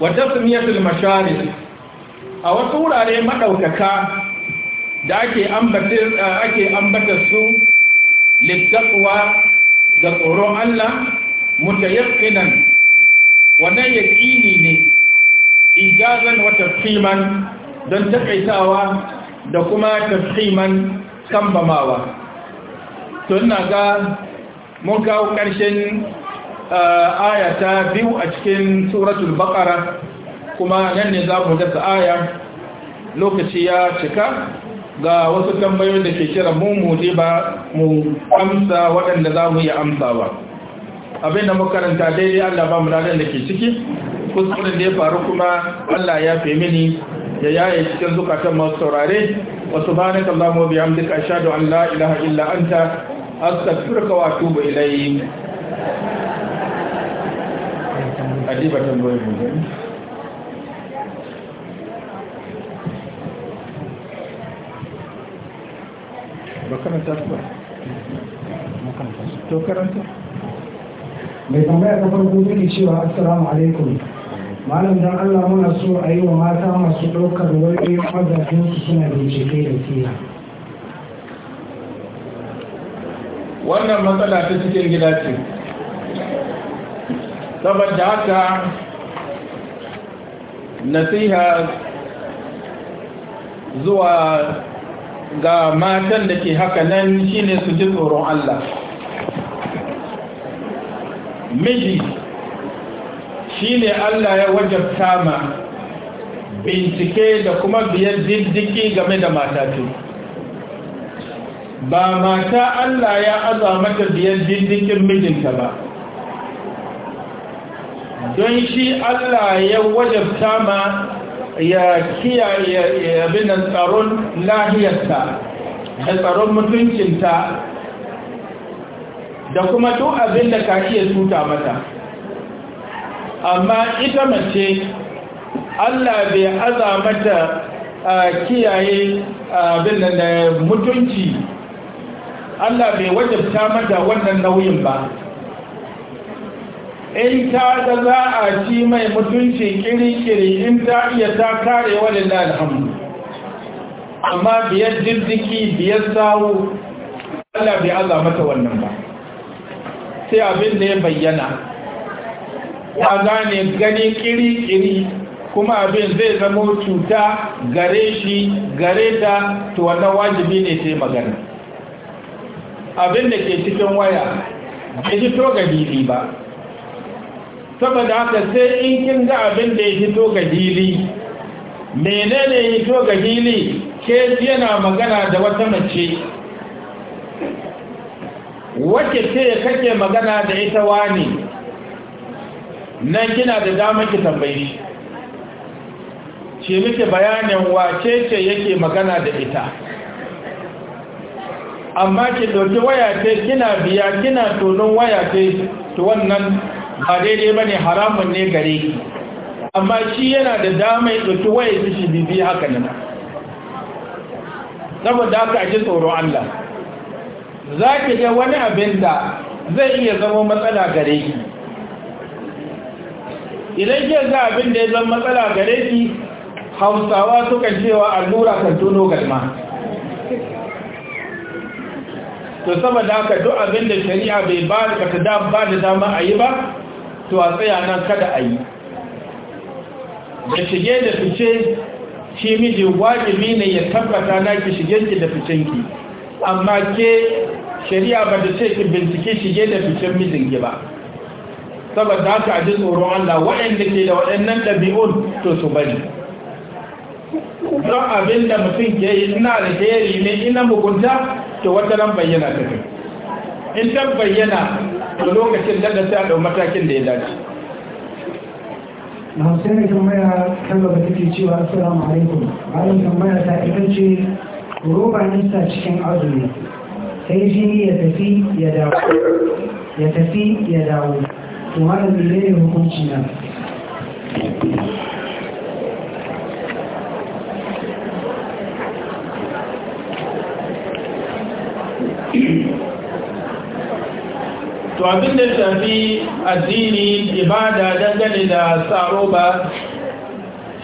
وتسمية المشارف a wasu wurare maɗaukaka da ake ambata su littafuwa ga tsoron Allah mutayyakinan wannan yaƙini ne ijazan wata fiman don taƙaitawa da kuma tafhiman kambamawa tun na ga mun kawo ƙarshen ayata biyu a cikin suratul baƙara kuma nan ne za mu dasa aya lokaci ya cika ga wasu tambayoyin da ke kira mu mu ba mu amsa waɗanda za mu yi ba abin da makaranta daidai Allah ba mu ranar da ke ciki kusurin da ya faru kuma Allah ya fi mini ya yaye cikin zukatan masu saurare wa subhanaka allahumma wa bihamdika ashhadu an la ilaha illa anta astaghfiruka wa atubu ilayk adiba tambayoyin ba karanta su ba to karanta mai tambaya ta farko take cewa assalamu alaikum malam dan Allah muna so a yi wa mata masu ɗaukar wani mazajen su suna bincike da siya wannan matsala ta cikin gida ce saboda haka nasiha zuwa ga matan da ke haka nan shine su ji tsoron Allah miji shine Allah ya wajabta ma bincike da kuma biyar diddiki game da mata ce ba mata Allah ya aza mata biyar diddikin mijinta ba don shi Allah ya wajabta ma ya kiyaye abin tsaron lahiyarta da tsaron mutuncinta da kuma duk abin da ka iya tuta mata amma ita mace Allah bai aza mata kiyaye abin da mutunci Allah bai wajabta mata wannan nauyin ba in ta da za a ci mai mutunci kiri-kiri in ta iya ta kare wani lalhamu amma biyar jirgiki biyar sawu Allah bai aza mata wannan ba sai abin da ya bayyana Ya gane gani kiri-kiri kuma abin zai zama cuta gare shi gare ta to wajibi ne sai magana abin da ke cikin waya bai ji to ba saboda haka sai in kin ga abin da ya fito ga hili menene ya fito ga hili ke yana magana da wata mace wacce ce kake magana da ita wani nan kina da damar ki tambayi ce miki bayanin wace ce yake magana da ita amma ki ɗauki waya ce kina biya kina tonon waya ce to wannan ba daidai ba ne haramun ne gare ki amma shi yana da damai ɗauki waye su shi bibi haka nan saboda haka a ji tsoron Allah za ki ga wani abin da zai iya zama matsala gare ki idan ke za abin da ya zama matsala gare ki hausawa suka cewa allura kan tuno galma to saboda haka duk abin da shari'a bai ba da ba da dama a yi ba to a tsaya nan kada a yi da shige da fice shi miji wajibi ne ya tabbata na ki shigenki da ficenki amma ke shari'a ba da ce ki bincike shige da ficen mijinki ba saboda haka a ji tsoron Allah waɗanda ke da waɗannan ɗabi'un to su bari don abin da mutum ke yi ina da yi ne ina mugunta to wata nan bayyana ta kai in ta bayyana da lokacin da da sai a matakin da ya dace na sai ne tambaya kan gaba take cewa assalamu alaikum bayan tambaya ta ita ce roba nista cikin azumi sai jini ya tafi ya dawo ya tafi ya dawo to malam ne hukunci na Thank you. to abin da shafi addini ibada dangane da tsaro ba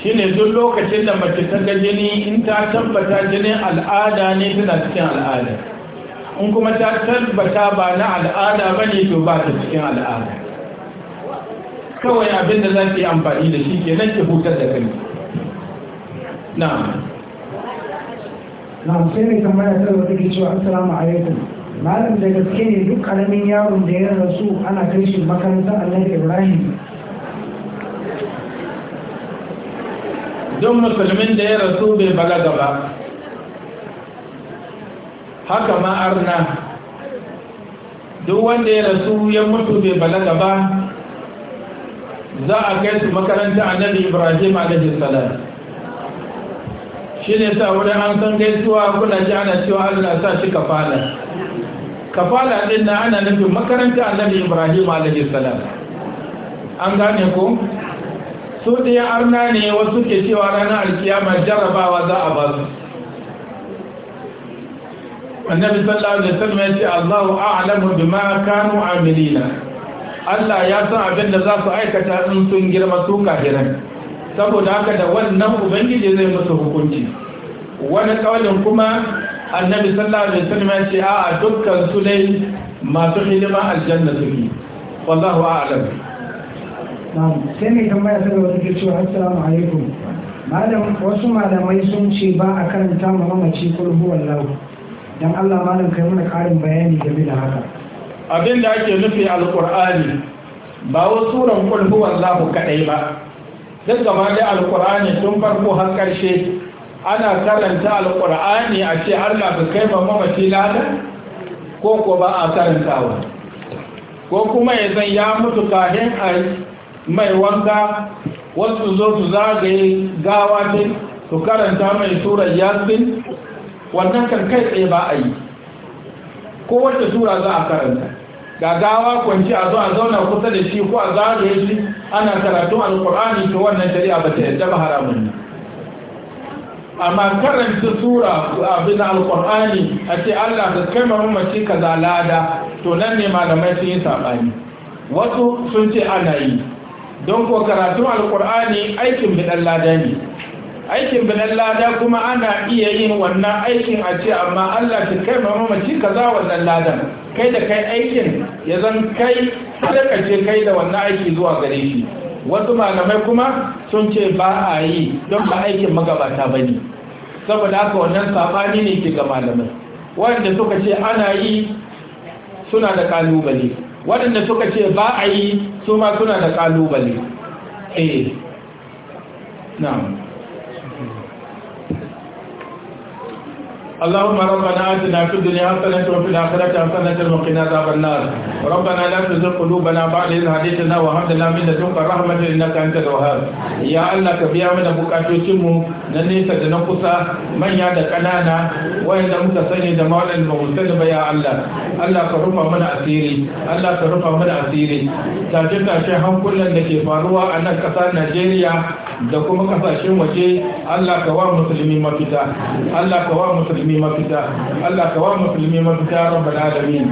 shine duk lokacin da mace ta ga jini in ta tabbata jinin al'ada ne tana cikin al'ada in kuma ta tabbata ba na al'ada ba ne to ba ta cikin al'ada kawai abin da za ke amfani da shi ke nan ke hutar da kai na na sai ne kamar ya tarwa take cewa assalamu alaikum malam da gaske ne duk karamin yawon da ya rasu ana kai shi makarantar annabi ibrahim don musulmin da ya rasu bai balaga ba haka ma arna duk wanda ya rasu ya mutu bai balaga ba za a kai su makaranta annabi ibrahim alaihi salam shi ne sa wurin an san gaisuwa kuna ji ana cewa allah sa shi kafala kafala din na ana nufin makaranta annabi ibrahim alayhi salam an gane ko su ɗaya arna ne wasu ke cewa ranar alkiyama jarrabawa za a ba su annabi sallallahu alaihi wasallam ya ce Allahu a'lamu bima kanu amilina Allah ya san abin da za su aikata in sun girma su kafiran saboda haka da wannan ubangiji zai musu hukunci wani kawalin kuma annabi sallallahu alaihi wasallam ya ce a dukkan su ne masu hidima aljanna su ne wallahu a'lam na'am sai mai tambaya ta gaba take cewa assalamu alaikum malam wasu malamai sun ce ba a karanta ma mamaci kulhu wallahu dan Allah malam kai mana karin bayani game da haka abin da ake nufi alqur'ani ba wa suran kulhu wallahu kadai ba duk gaba da alqur'ani tun farko har karshe ana karanta alƙur'ani a ce allah ka kai ma mamaci lada ko ko ba a karantawa ko kuma ya zan ya mutu kahin a mai wanka wasu zo su zagaye gawa ne su karanta mai surar yasin wannan kan kai tsaye ba a yi ko wata sura za a karanta ga gawa kwanci a zo a zauna kusa da shi ko a zagaye shi ana karatun Alƙur'ani to wannan shari'a ba ta yadda ba haramun ne amma karanta sura abin alkur'ani a ce allah ka kai mahimmanci ka za lada to nan ne malamai sun yi saɓani wasu sun ce ana yi don ko karatun alkur'ani aikin bidan lada ne aikin bidan lada kuma ana iya yin wannan aikin a ce amma allah ka kai mahimmanci ka za wannan ladan kai da kai aikin ya zan kai sadaka ce kai da wannan aiki zuwa gare shi wasu malamai kuma sun ce ba a yi don ba aikin magabata ba ne saboda haka wannan sabani ne ke ga malamai waɗanda suka ce ana yi suna da kalubale waɗanda suka ce ba a yi su ma suna da ƙalubale eh na'am اللهم ربنا آتنا في الدنيا حسنة وفي الآخرة حسنة وقنا عذاب النار ربنا لا تزغ قلوبنا بعد إذ هديتنا وهب لنا من لدنك رحمة إنك أنت الوهاب يا الله كبيا من بكاتوتين na nesa da na kusa manya da ƙanana wayanda muka sani da mawalan ba mu sani ba ya Allah Allah ka rufa mana asiri Allah ka rufa mana asiri tace tace hankulan da ke faruwa a nan ƙasar Najeriya da kuma kasashen waje Allah ka wa musulmi mafita Allah ka wa musulmi mafita Allah ka wa musulmi mafita rabbal alamin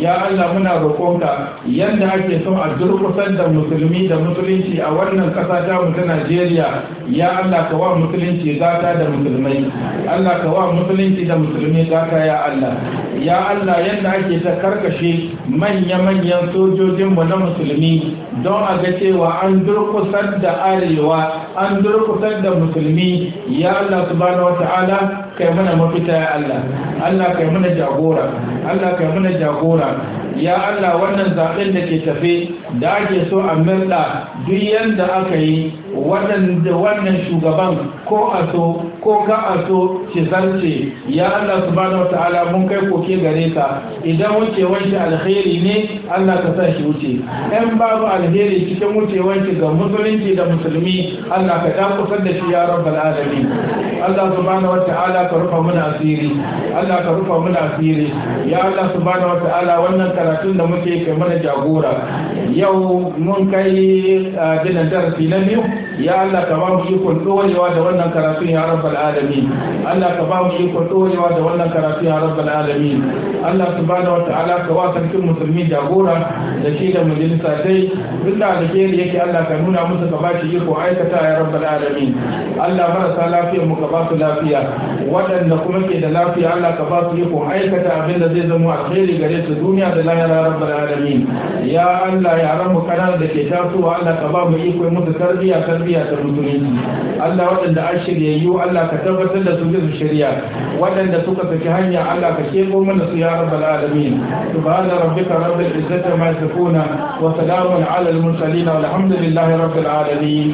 ya Allah muna roƙonka yadda ake son a durƙusar da musulmi da musulunci a wannan ƙasa ta ta Najeriya ya Allah ka wa musulunci gata da musulmai Allah ka wa musulunci da musulmi gata ya Allah ya Allah yadda ake ta karkashe manya-manyan sojojin na musulmi don a ga cewa an durƙusar da arewa an durƙusar da musulmi ya Allah subhanahu wa ta'ala kai mana mafita ya Allah Allah kai mana jagora Allah kai mana jagora ya Allah wannan zaben da ke tafe da ake so a mirda duk yanda aka yi wannan shugaban ko a so ko ka a so shi zance ya Allah subhanahu wata'ala mun kai koke gare ka idan wuce wancan alheri ne Allah ka sa shi wuce ɗan babu alheri cikin wuce wancan ga musulunci da musulmi Allah ka kusan da shi ya rabbal alamin Allah subhanahu wata'ala ka rufa muna asiri Allah ka rufa muna asiri ya Allah subhanahu wata'ala wannan karatun da muke kai mana jagora yau mun kai ah, dinan darasi na biyu ya Allah ka ba mu ikon dorewa da wannan karatu ya rabbal alamin Allah ka ba mu ikon dorewa da wannan karatu ya rabbal alamin Allah subhanahu wa ta'ala ka wa sarkin musulmi jagora da shi da majalisa dai duk da alheri yake Allah ka nuna musu ka ba shi iko aikata ya rabbal alamin Allah marasa lafiya mu ka ba su lafiya waɗanda kuma ke da lafiya Allah ka ba su iko aikata abin da zai zama alheri gare su duniya da lahira rabbal alamin ya Allah ya mu kana da ke tasowa Allah ka ba mu iko musu tarbiyya tarbiyya ta musulunci Allah waɗanda an shiryayyu Allah ka tabbatar da su bisa shari'a waɗanda suka saki hanya Allah ka kebo mana su ya rabbal alamin subhana rabbika rabbil izzati ma yasifuna wa salamun ala al mursalin walhamdulillahi rabbil alamin